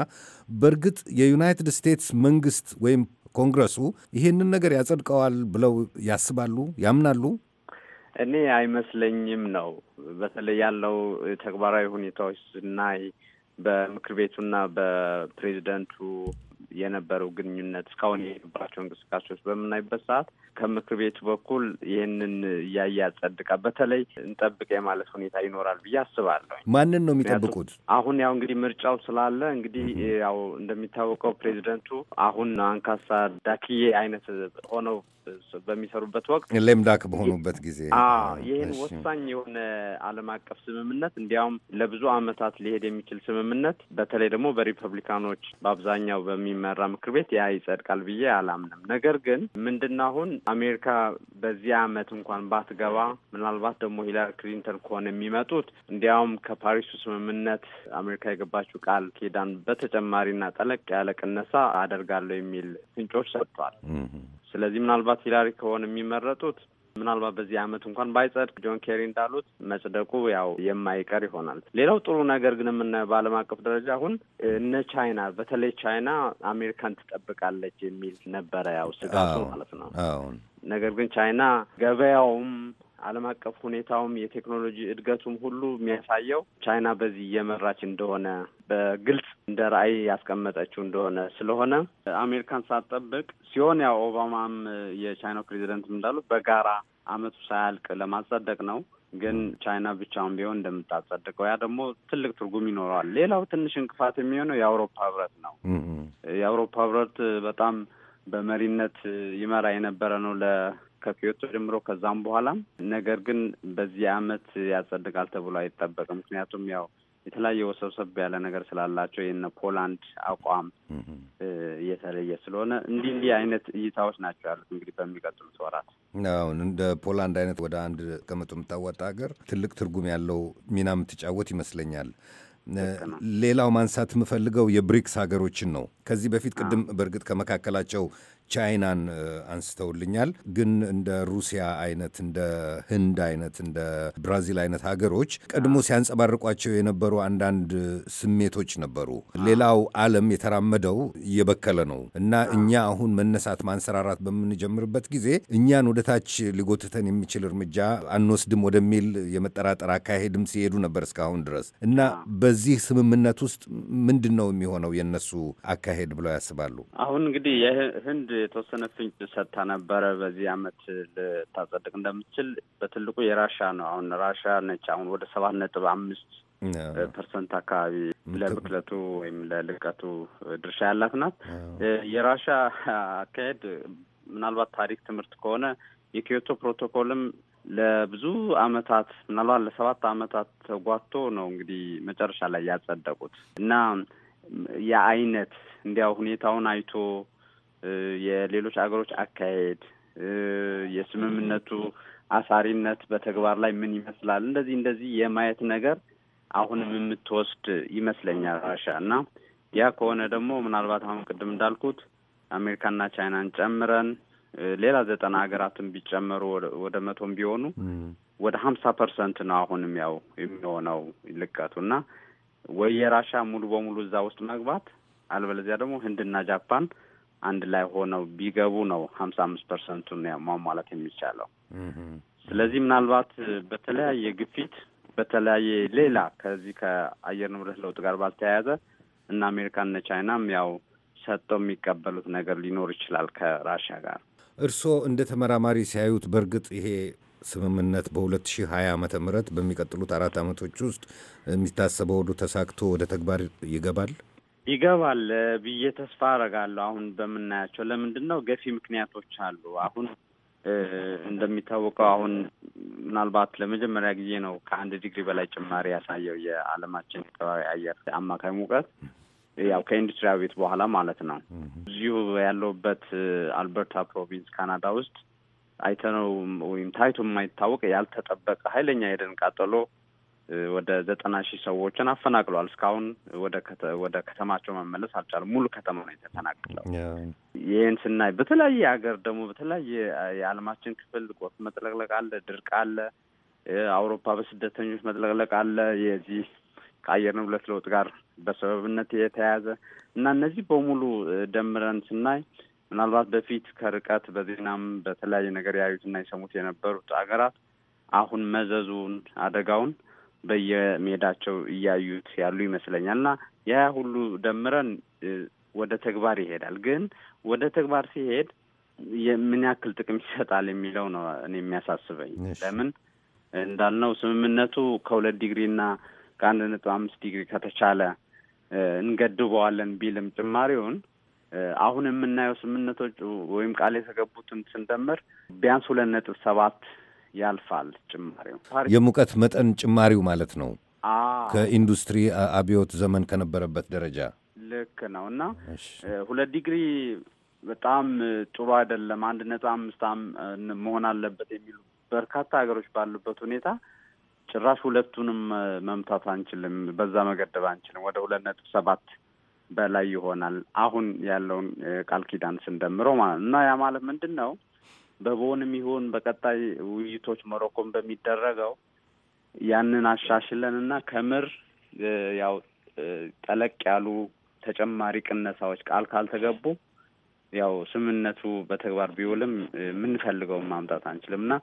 በእርግጥ የዩናይትድ ስቴትስ መንግስት ወይም ኮንግረሱ ይህንን ነገር ያጸድቀዋል ብለው ያስባሉ? ያምናሉ? እኔ አይመስለኝም ነው። በተለይ ያለው ተግባራዊ ሁኔታዎች ስናይ በምክር ቤቱና በፕሬዚደንቱ የነበረው ግንኙነት እስካሁን የሄድባቸው እንቅስቃሴዎች በምናይበት ሰዓት ከምክር ቤቱ በኩል ይህንን እያየ ያጸድቃ በተለይ እንጠብቅ የማለት ሁኔታ ይኖራል ብዬ አስባለሁ። ማንን ነው የሚጠብቁት? አሁን ያው እንግዲህ ምርጫው ስላለ እንግዲህ ያው እንደሚታወቀው ፕሬዚደንቱ አሁን አንካሳ ዳክዬ አይነት ሆነው በሚሰሩበት ወቅት ሌምዳክ በሆኑበት ጊዜ ይህን ወሳኝ የሆነ ዓለም አቀፍ ስምምነት እንዲያውም ለብዙ ዓመታት ሊሄድ የሚችል ስምምነት በተለይ ደግሞ በሪፐብሊካኖች በአብዛኛው በሚመራ ምክር ቤት ያ ይጸድቃል ብዬ አላምንም። ነገር ግን ምንድን አሁን አሜሪካ በዚህ ዓመት እንኳን ባትገባ ምናልባት ደግሞ ሂላሪ ክሊንተን ከሆነ የሚመጡት እንዲያውም ከፓሪሱ ስምምነት አሜሪካ የገባችው ቃል ኪዳን በተጨማሪና ጠለቅ ያለ ቅነሳ አደርጋለሁ የሚል ፍንጮች ሰጥቷል። ስለዚህ ምናልባት ሂላሪ ከሆን የሚመረጡት ምናልባት በዚህ አመት እንኳን ባይጸድቅ ጆን ኬሪ እንዳሉት መጽደቁ ያው የማይቀር ይሆናል። ሌላው ጥሩ ነገር ግን የምናየው በዓለም አቀፍ ደረጃ አሁን እነ ቻይና በተለይ ቻይና አሜሪካን ትጠብቃለች የሚል ነበረ ያው ስጋቱ ማለት ነው። ነገር ግን ቻይና ገበያውም ዓለም አቀፍ ሁኔታውም የቴክኖሎጂ እድገቱም ሁሉ የሚያሳየው ቻይና በዚህ እየመራች እንደሆነ በግልጽ እንደ ራዕይ ያስቀመጠችው እንደሆነ ስለሆነ አሜሪካን ሳትጠብቅ ሲሆን ያው ኦባማም የቻይናው ፕሬዚደንት እንዳሉት በጋራ አመቱ ሳያልቅ ለማጸደቅ ነው። ግን ቻይና ብቻውን ቢሆን እንደምታጸድቀው ያ ደግሞ ትልቅ ትርጉም ይኖረዋል። ሌላው ትንሽ እንቅፋት የሚሆነው የአውሮፓ ህብረት ነው። የአውሮፓ ህብረት በጣም በመሪነት ይመራ የነበረ ነው። ከኪዮቶ ጀምሮ ከዛም በኋላም ነገር ግን በዚህ አመት ያጸድቃል ተብሎ አይጠበቅም። ምክንያቱም ያው የተለያየ ወሰብሰብ ያለ ነገር ስላላቸው የነ ፖላንድ አቋም እየተለየ ስለሆነ እንዲህ እንዲህ አይነት እይታዎች ናቸው ያሉት። እንግዲህ በሚቀጥሉት ወራት አሁን እንደ ፖላንድ አይነት ወደ አንድ ከመቶ የምታወጣ ሀገር ትልቅ ትርጉም ያለው ሚና የምትጫወት ይመስለኛል። ሌላው ማንሳት የምፈልገው የብሪክስ ሀገሮችን ነው። ከዚህ በፊት ቅድም በእርግጥ ከመካከላቸው ቻይናን አንስተውልኛል። ግን እንደ ሩሲያ አይነት እንደ ህንድ አይነት እንደ ብራዚል አይነት ሀገሮች ቀድሞ ሲያንጸባርቋቸው የነበሩ አንዳንድ ስሜቶች ነበሩ። ሌላው ዓለም የተራመደው እየበከለ ነው እና እኛ አሁን መነሳት ማንሰራራት በምንጀምርበት ጊዜ እኛን ወደታች ሊጎትተን የሚችል እርምጃ አንወስድም ወደሚል የመጠራጠር አካሄድም ሲሄዱ ነበር እስካሁን ድረስ እና በዚህ ስምምነት ውስጥ ምንድን ነው የሚሆነው የነሱ አካሄድ ብለው ያስባሉ? አሁን እንግዲህ የህንድ የተወሰነ ፍንጭ ሰጥታ ነበረ። በዚህ አመት ልታጸድቅ እንደምትችል በትልቁ የራሻ ነው። አሁን ራሻ ነች። አሁን ወደ ሰባት ነጥብ አምስት ፐርሰንት አካባቢ ለብክለቱ ወይም ለልቀቱ ድርሻ ያላት ናት። የራሻ አካሄድ ምናልባት ታሪክ ትምህርት ከሆነ የኪዮቶ ፕሮቶኮልም ለብዙ አመታት ምናልባት ለሰባት አመታት ተጓቶ ነው እንግዲህ መጨረሻ ላይ ያጸደቁት እና የአይነት እንዲያው ሁኔታውን አይቶ የሌሎች አገሮች አካሄድ፣ የስምምነቱ አሳሪነት በተግባር ላይ ምን ይመስላል፣ እንደዚህ እንደዚህ የማየት ነገር አሁንም የምትወስድ ይመስለኛል ራሻ እና ያ ከሆነ ደግሞ ምናልባት አሁን ቅድም እንዳልኩት አሜሪካና ቻይናን ጨምረን ሌላ ዘጠና ሀገራትን ቢጨመሩ ወደ መቶም ቢሆኑ ወደ ሀምሳ ፐርሰንት ነው አሁንም ያው የሚሆነው ልቀቱ እና ወይ የራሻ ሙሉ በሙሉ እዛ ውስጥ መግባት አልበለዚያ ደግሞ ህንድና ጃፓን አንድ ላይ ሆነው ቢገቡ ነው ሀምሳ አምስት ፐርሰንቱን ማሟላት የሚቻለው። ስለዚህ ምናልባት በተለያየ ግፊት በተለያየ ሌላ ከዚህ ከአየር ንብረት ለውጥ ጋር ባልተያያዘ እና አሜሪካና ቻይናም ያው ሰጠው የሚቀበሉት ነገር ሊኖር ይችላል ከራሽያ ጋር። እርስዎ እንደ ተመራማሪ ሲያዩት በእርግጥ ይሄ ስምምነት በ2020 ዓ ም በሚቀጥሉት አራት ዓመቶች ውስጥ የሚታሰበው ሁሉ ተሳክቶ ወደ ተግባር ይገባል? ይገባል ብዬ ተስፋ አረጋለሁ። አሁን በምናያቸው ለምንድን ነው ገፊ ምክንያቶች አሉ። አሁን እንደሚታወቀው አሁን ምናልባት ለመጀመሪያ ጊዜ ነው ከአንድ ዲግሪ በላይ ጭማሪ ያሳየው የዓለማችን ከባቢ አየር አማካኝ ሙቀት ያው ከኢንዱስትሪ አቤት በኋላ ማለት ነው። እዚሁ ያለውበት አልበርታ ፕሮቪንስ ካናዳ ውስጥ አይተነው ወይም ታይቶ የማይታወቅ ያልተጠበቀ ኃይለኛ የደን ቃጠሎ ወደ ዘጠና ሺህ ሰዎችን አፈናቅሏል። እስካሁን ወደ ከተማቸው መመለስ አልቻሉም። ሙሉ ከተማ ነው የተፈናቅለው ይህን ስናይ በተለያየ ሀገር ደግሞ በተለያየ የዓለማችን ክፍል ጎርፍ መጥለቅለቅ አለ፣ ድርቅ አለ፣ አውሮፓ በስደተኞች መጥለቅለቅ አለ። የዚህ ከአየር ንብረት ለውጥ ጋር በሰበብነት የተያያዘ እና እነዚህ በሙሉ ደምረን ስናይ ምናልባት በፊት ከርቀት በዜናም በተለያየ ነገር እና የሰሙት የነበሩት ሀገራት አሁን መዘዙን አደጋውን በየሜዳቸው እያዩት ያሉ ይመስለኛል እና ያ ሁሉ ደምረን ወደ ተግባር ይሄዳል። ግን ወደ ተግባር ሲሄድ ምን ያክል ጥቅም ይሰጣል የሚለው ነው እኔ የሚያሳስበኝ። ለምን እንዳልነው ስምምነቱ ከሁለት ዲግሪና ከአንድ ነጥብ አምስት ዲግሪ ከተቻለ እንገድበዋለን ቢልም ጭማሪውን አሁን የምናየው ስምምነቶች ወይም ቃል የተገቡትን ስንደምር ቢያንስ ሁለት ነጥብ ሰባት ያልፋል። ጭማሪው የሙቀት መጠን ጭማሪው ማለት ነው ከኢንዱስትሪ አብዮት ዘመን ከነበረበት ደረጃ ልክ ነው። እና ሁለት ዲግሪ በጣም ጥሩ አይደለም፣ አንድ ነጥብ አምስት መሆን አለበት የሚሉ በርካታ ሀገሮች ባሉበት ሁኔታ ጭራሽ ሁለቱንም መምታት አንችልም፣ በዛ መገደብ አንችልም። ወደ ሁለት ነጥብ ሰባት በላይ ይሆናል አሁን ያለውን ቃል ኪዳን ስንደምረው ማለት እና ያ ማለት ምንድን ነው? በቦንም ይሁን በቀጣይ ውይይቶች ሞሮኮን በሚደረገው ያንን አሻሽለን እና ከምር ያው ጠለቅ ያሉ ተጨማሪ ቅነሳዎች ቃል ካልተገቡ ያው ስምምነቱ በተግባር ቢውልም የምንፈልገውን ማምጣት አንችልም እና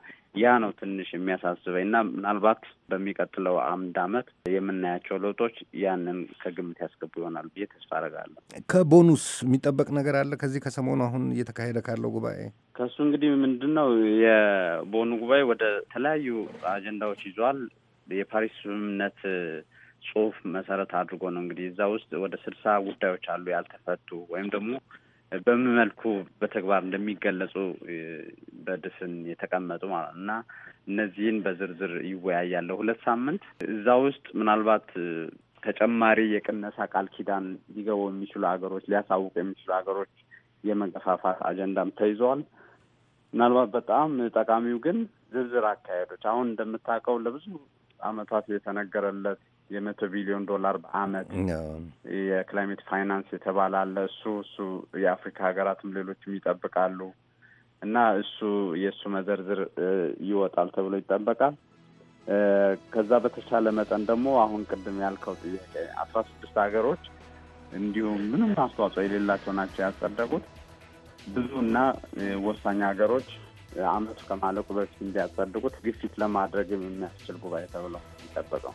ያ ነው ትንሽ የሚያሳስበኝ እና ምናልባት በሚቀጥለው አምድ አመት የምናያቸው ለውጦች ያንን ከግምት ያስገቡ ይሆናል ብዬ ተስፋ አረጋለሁ። ከቦኑስ የሚጠበቅ ነገር አለ? ከዚህ ከሰሞኑ አሁን እየተካሄደ ካለው ጉባኤ ከእሱ እንግዲህ ምንድን ነው የቦኑ ጉባኤ ወደ ተለያዩ አጀንዳዎች ይዟል። የፓሪስ ስምምነት ጽሁፍ መሰረት አድርጎ ነው እንግዲህ እዛ ውስጥ ወደ ስልሳ ጉዳዮች አሉ ያልተፈቱ ወይም ደግሞ በምን መልኩ በተግባር እንደሚገለጹ በድፍን የተቀመጡ ማለት እና እነዚህን በዝርዝር ይወያያለሁ። ሁለት ሳምንት እዛ ውስጥ ምናልባት ተጨማሪ የቅነሳ ቃል ኪዳን ሊገቡ የሚችሉ ሀገሮች ሊያሳውቁ የሚችሉ ሀገሮች የመገፋፋት አጀንዳም ተይዘዋል። ምናልባት በጣም ጠቃሚው ግን ዝርዝር አካሄዶች አሁን እንደምታውቀው ለብዙ ዓመታት የተነገረለት የመቶ ቢሊዮን ዶላር በአመት የክላይሜት ፋይናንስ የተባለ አለ። እሱ እሱ የአፍሪካ ሀገራትም ሌሎችም ይጠብቃሉ እና እሱ የእሱ መዘርዝር ይወጣል ተብሎ ይጠበቃል። ከዛ በተቻለ መጠን ደግሞ አሁን ቅድም ያልከው ጥያቄ አስራ ስድስት ሀገሮች እንዲሁም ምንም አስተዋጽኦ የሌላቸው ናቸው ያጸደቁት። ብዙ እና ወሳኝ ሀገሮች አመቱ ከማለቁ በፊት እንዲያጸድቁት ግፊት ለማድረግ የሚያስችል ጉባኤ ተብሎ ይጠበቀው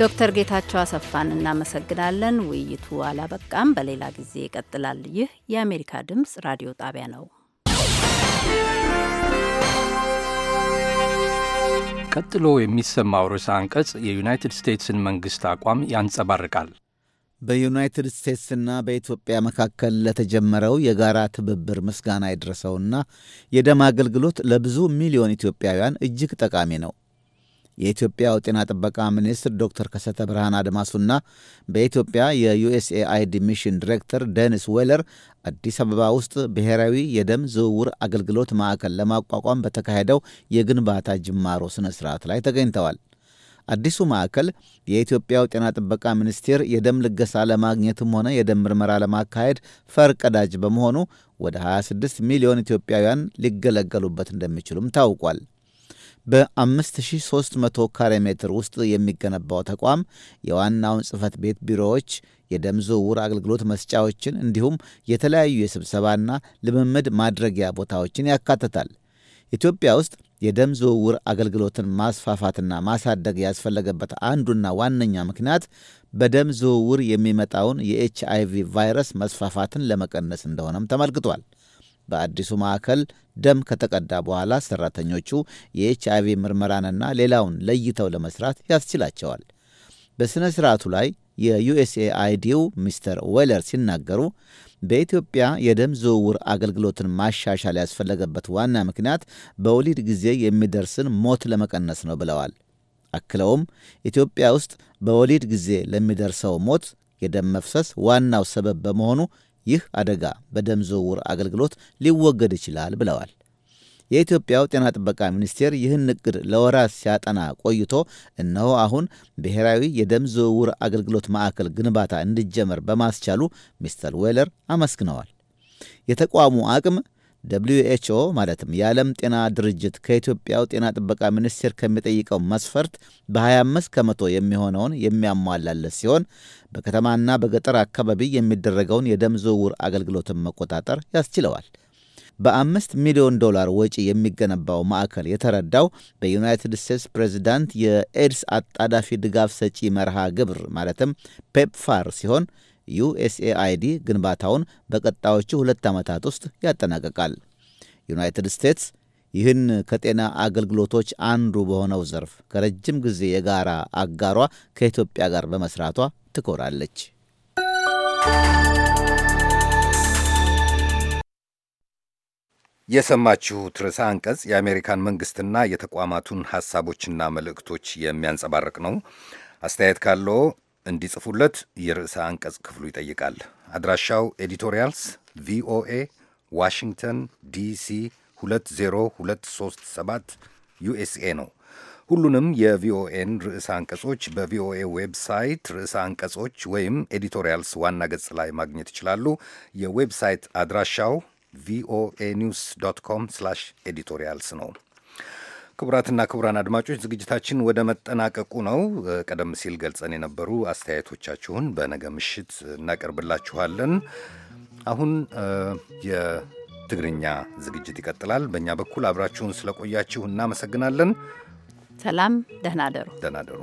ዶክተር ጌታቸው አሰፋን እናመሰግናለን። ውይይቱ አላበቃም፣ በሌላ ጊዜ ይቀጥላል። ይህ የአሜሪካ ድምፅ ራዲዮ ጣቢያ ነው። ቀጥሎ የሚሰማው ርዕሰ አንቀጽ የዩናይትድ ስቴትስን መንግሥት አቋም ያንጸባርቃል። በዩናይትድ ስቴትስና በኢትዮጵያ መካከል ለተጀመረው የጋራ ትብብር ምስጋና ይድረሰውና የደም አገልግሎት ለብዙ ሚሊዮን ኢትዮጵያውያን እጅግ ጠቃሚ ነው። የኢትዮጵያው ጤና ጥበቃ ሚኒስትር ዶክተር ከሰተ ብርሃን አድማሱና በኢትዮጵያ የዩኤስኤአይዲ ሚሽን ዲሬክተር ደኒስ ዌለር አዲስ አበባ ውስጥ ብሔራዊ የደም ዝውውር አገልግሎት ማዕከል ለማቋቋም በተካሄደው የግንባታ ጅማሮ ስነ ስርዓት ላይ ተገኝተዋል። አዲሱ ማዕከል የኢትዮጵያው ጤና ጥበቃ ሚኒስቴር የደም ልገሳ ለማግኘትም ሆነ የደም ምርመራ ለማካሄድ ፈርቀዳጅ በመሆኑ ወደ 26 ሚሊዮን ኢትዮጵያውያን ሊገለገሉበት እንደሚችሉም ታውቋል። በ5300 ካሬ ሜትር ውስጥ የሚገነባው ተቋም የዋናውን ጽህፈት ቤት ቢሮዎች፣ የደም ዝውውር አገልግሎት መስጫዎችን እንዲሁም የተለያዩ የስብሰባና ልምምድ ማድረጊያ ቦታዎችን ያካትታል። ኢትዮጵያ ውስጥ የደም ዝውውር አገልግሎትን ማስፋፋትና ማሳደግ ያስፈለገበት አንዱና ዋነኛ ምክንያት በደም ዝውውር የሚመጣውን የኤች አይ ቪ ቫይረስ መስፋፋትን ለመቀነስ እንደሆነም ተመልክቷል። በአዲሱ ማዕከል ደም ከተቀዳ በኋላ ሰራተኞቹ የኤች አይ ቪ ምርመራንና ሌላውን ለይተው ለመስራት ያስችላቸዋል። በሥነ ሥርዓቱ ላይ የዩኤስኤ አይዲው ሚስተር ዌለር ሲናገሩ በኢትዮጵያ የደም ዝውውር አገልግሎትን ማሻሻል ያስፈለገበት ዋና ምክንያት በወሊድ ጊዜ የሚደርስን ሞት ለመቀነስ ነው ብለዋል። አክለውም ኢትዮጵያ ውስጥ በወሊድ ጊዜ ለሚደርሰው ሞት የደም መፍሰስ ዋናው ሰበብ በመሆኑ ይህ አደጋ በደም ዝውውር አገልግሎት ሊወገድ ይችላል ብለዋል። የኢትዮጵያው ጤና ጥበቃ ሚኒስቴር ይህን እቅድ ለወራት ሲያጠና ቆይቶ እነሆ አሁን ብሔራዊ የደም ዝውውር አገልግሎት ማዕከል ግንባታ እንዲጀመር በማስቻሉ ሚስተር ዌለር አመስግነዋል። የተቋሙ አቅም ደብሊዩ ኤች ኦ ማለትም የዓለም ጤና ድርጅት ከኢትዮጵያው ጤና ጥበቃ ሚኒስቴር ከሚጠይቀው መስፈርት በ25 ከመቶ የሚሆነውን የሚያሟላለት ሲሆን በከተማና በገጠር አካባቢ የሚደረገውን የደም ዝውውር አገልግሎትን መቆጣጠር ያስችለዋል። በአምስት ሚሊዮን ዶላር ወጪ የሚገነባው ማዕከል የተረዳው በዩናይትድ ስቴትስ ፕሬዚዳንት የኤድስ አጣዳፊ ድጋፍ ሰጪ መርሃ ግብር ማለትም ፔፕፋር ሲሆን ዩኤስኤአይዲ ግንባታውን በቀጣዮቹ ሁለት ዓመታት ውስጥ ያጠናቀቃል። ዩናይትድ ስቴትስ ይህን ከጤና አገልግሎቶች አንዱ በሆነው ዘርፍ ከረጅም ጊዜ የጋራ አጋሯ ከኢትዮጵያ ጋር በመስራቷ ትኮራለች። የሰማችሁት ርዕሰ አንቀጽ የአሜሪካን መንግስትና የተቋማቱን ሐሳቦችና መልእክቶች የሚያንጸባርቅ ነው። አስተያየት ካለው እንዲጽፉለት የርዕሰ አንቀጽ ክፍሉ ይጠይቃል። አድራሻው ኤዲቶሪያልስ ቪኦኤ ዋሽንግተን ዲሲ 20237 ዩኤስኤ ነው። ሁሉንም የቪኦኤን ርዕሰ አንቀጾች በቪኦኤ ዌብሳይት ርዕሰ አንቀጾች ወይም ኤዲቶሪያልስ ዋና ገጽ ላይ ማግኘት ይችላሉ። የዌብሳይት አድራሻው ቪኦኤ ኒውስ ዶት ኮም ስላሽ ኤዲቶሪያልስ ነው። ክቡራትና ክቡራን አድማጮች ዝግጅታችን ወደ መጠናቀቁ ነው። ቀደም ሲል ገልጸን የነበሩ አስተያየቶቻችሁን በነገ ምሽት እናቀርብላችኋለን። አሁን የትግርኛ ዝግጅት ይቀጥላል። በእኛ በኩል አብራችሁን ስለቆያችሁ እናመሰግናለን። ሰላም፣ ደህና ደሩ፣ ደህና ደሩ።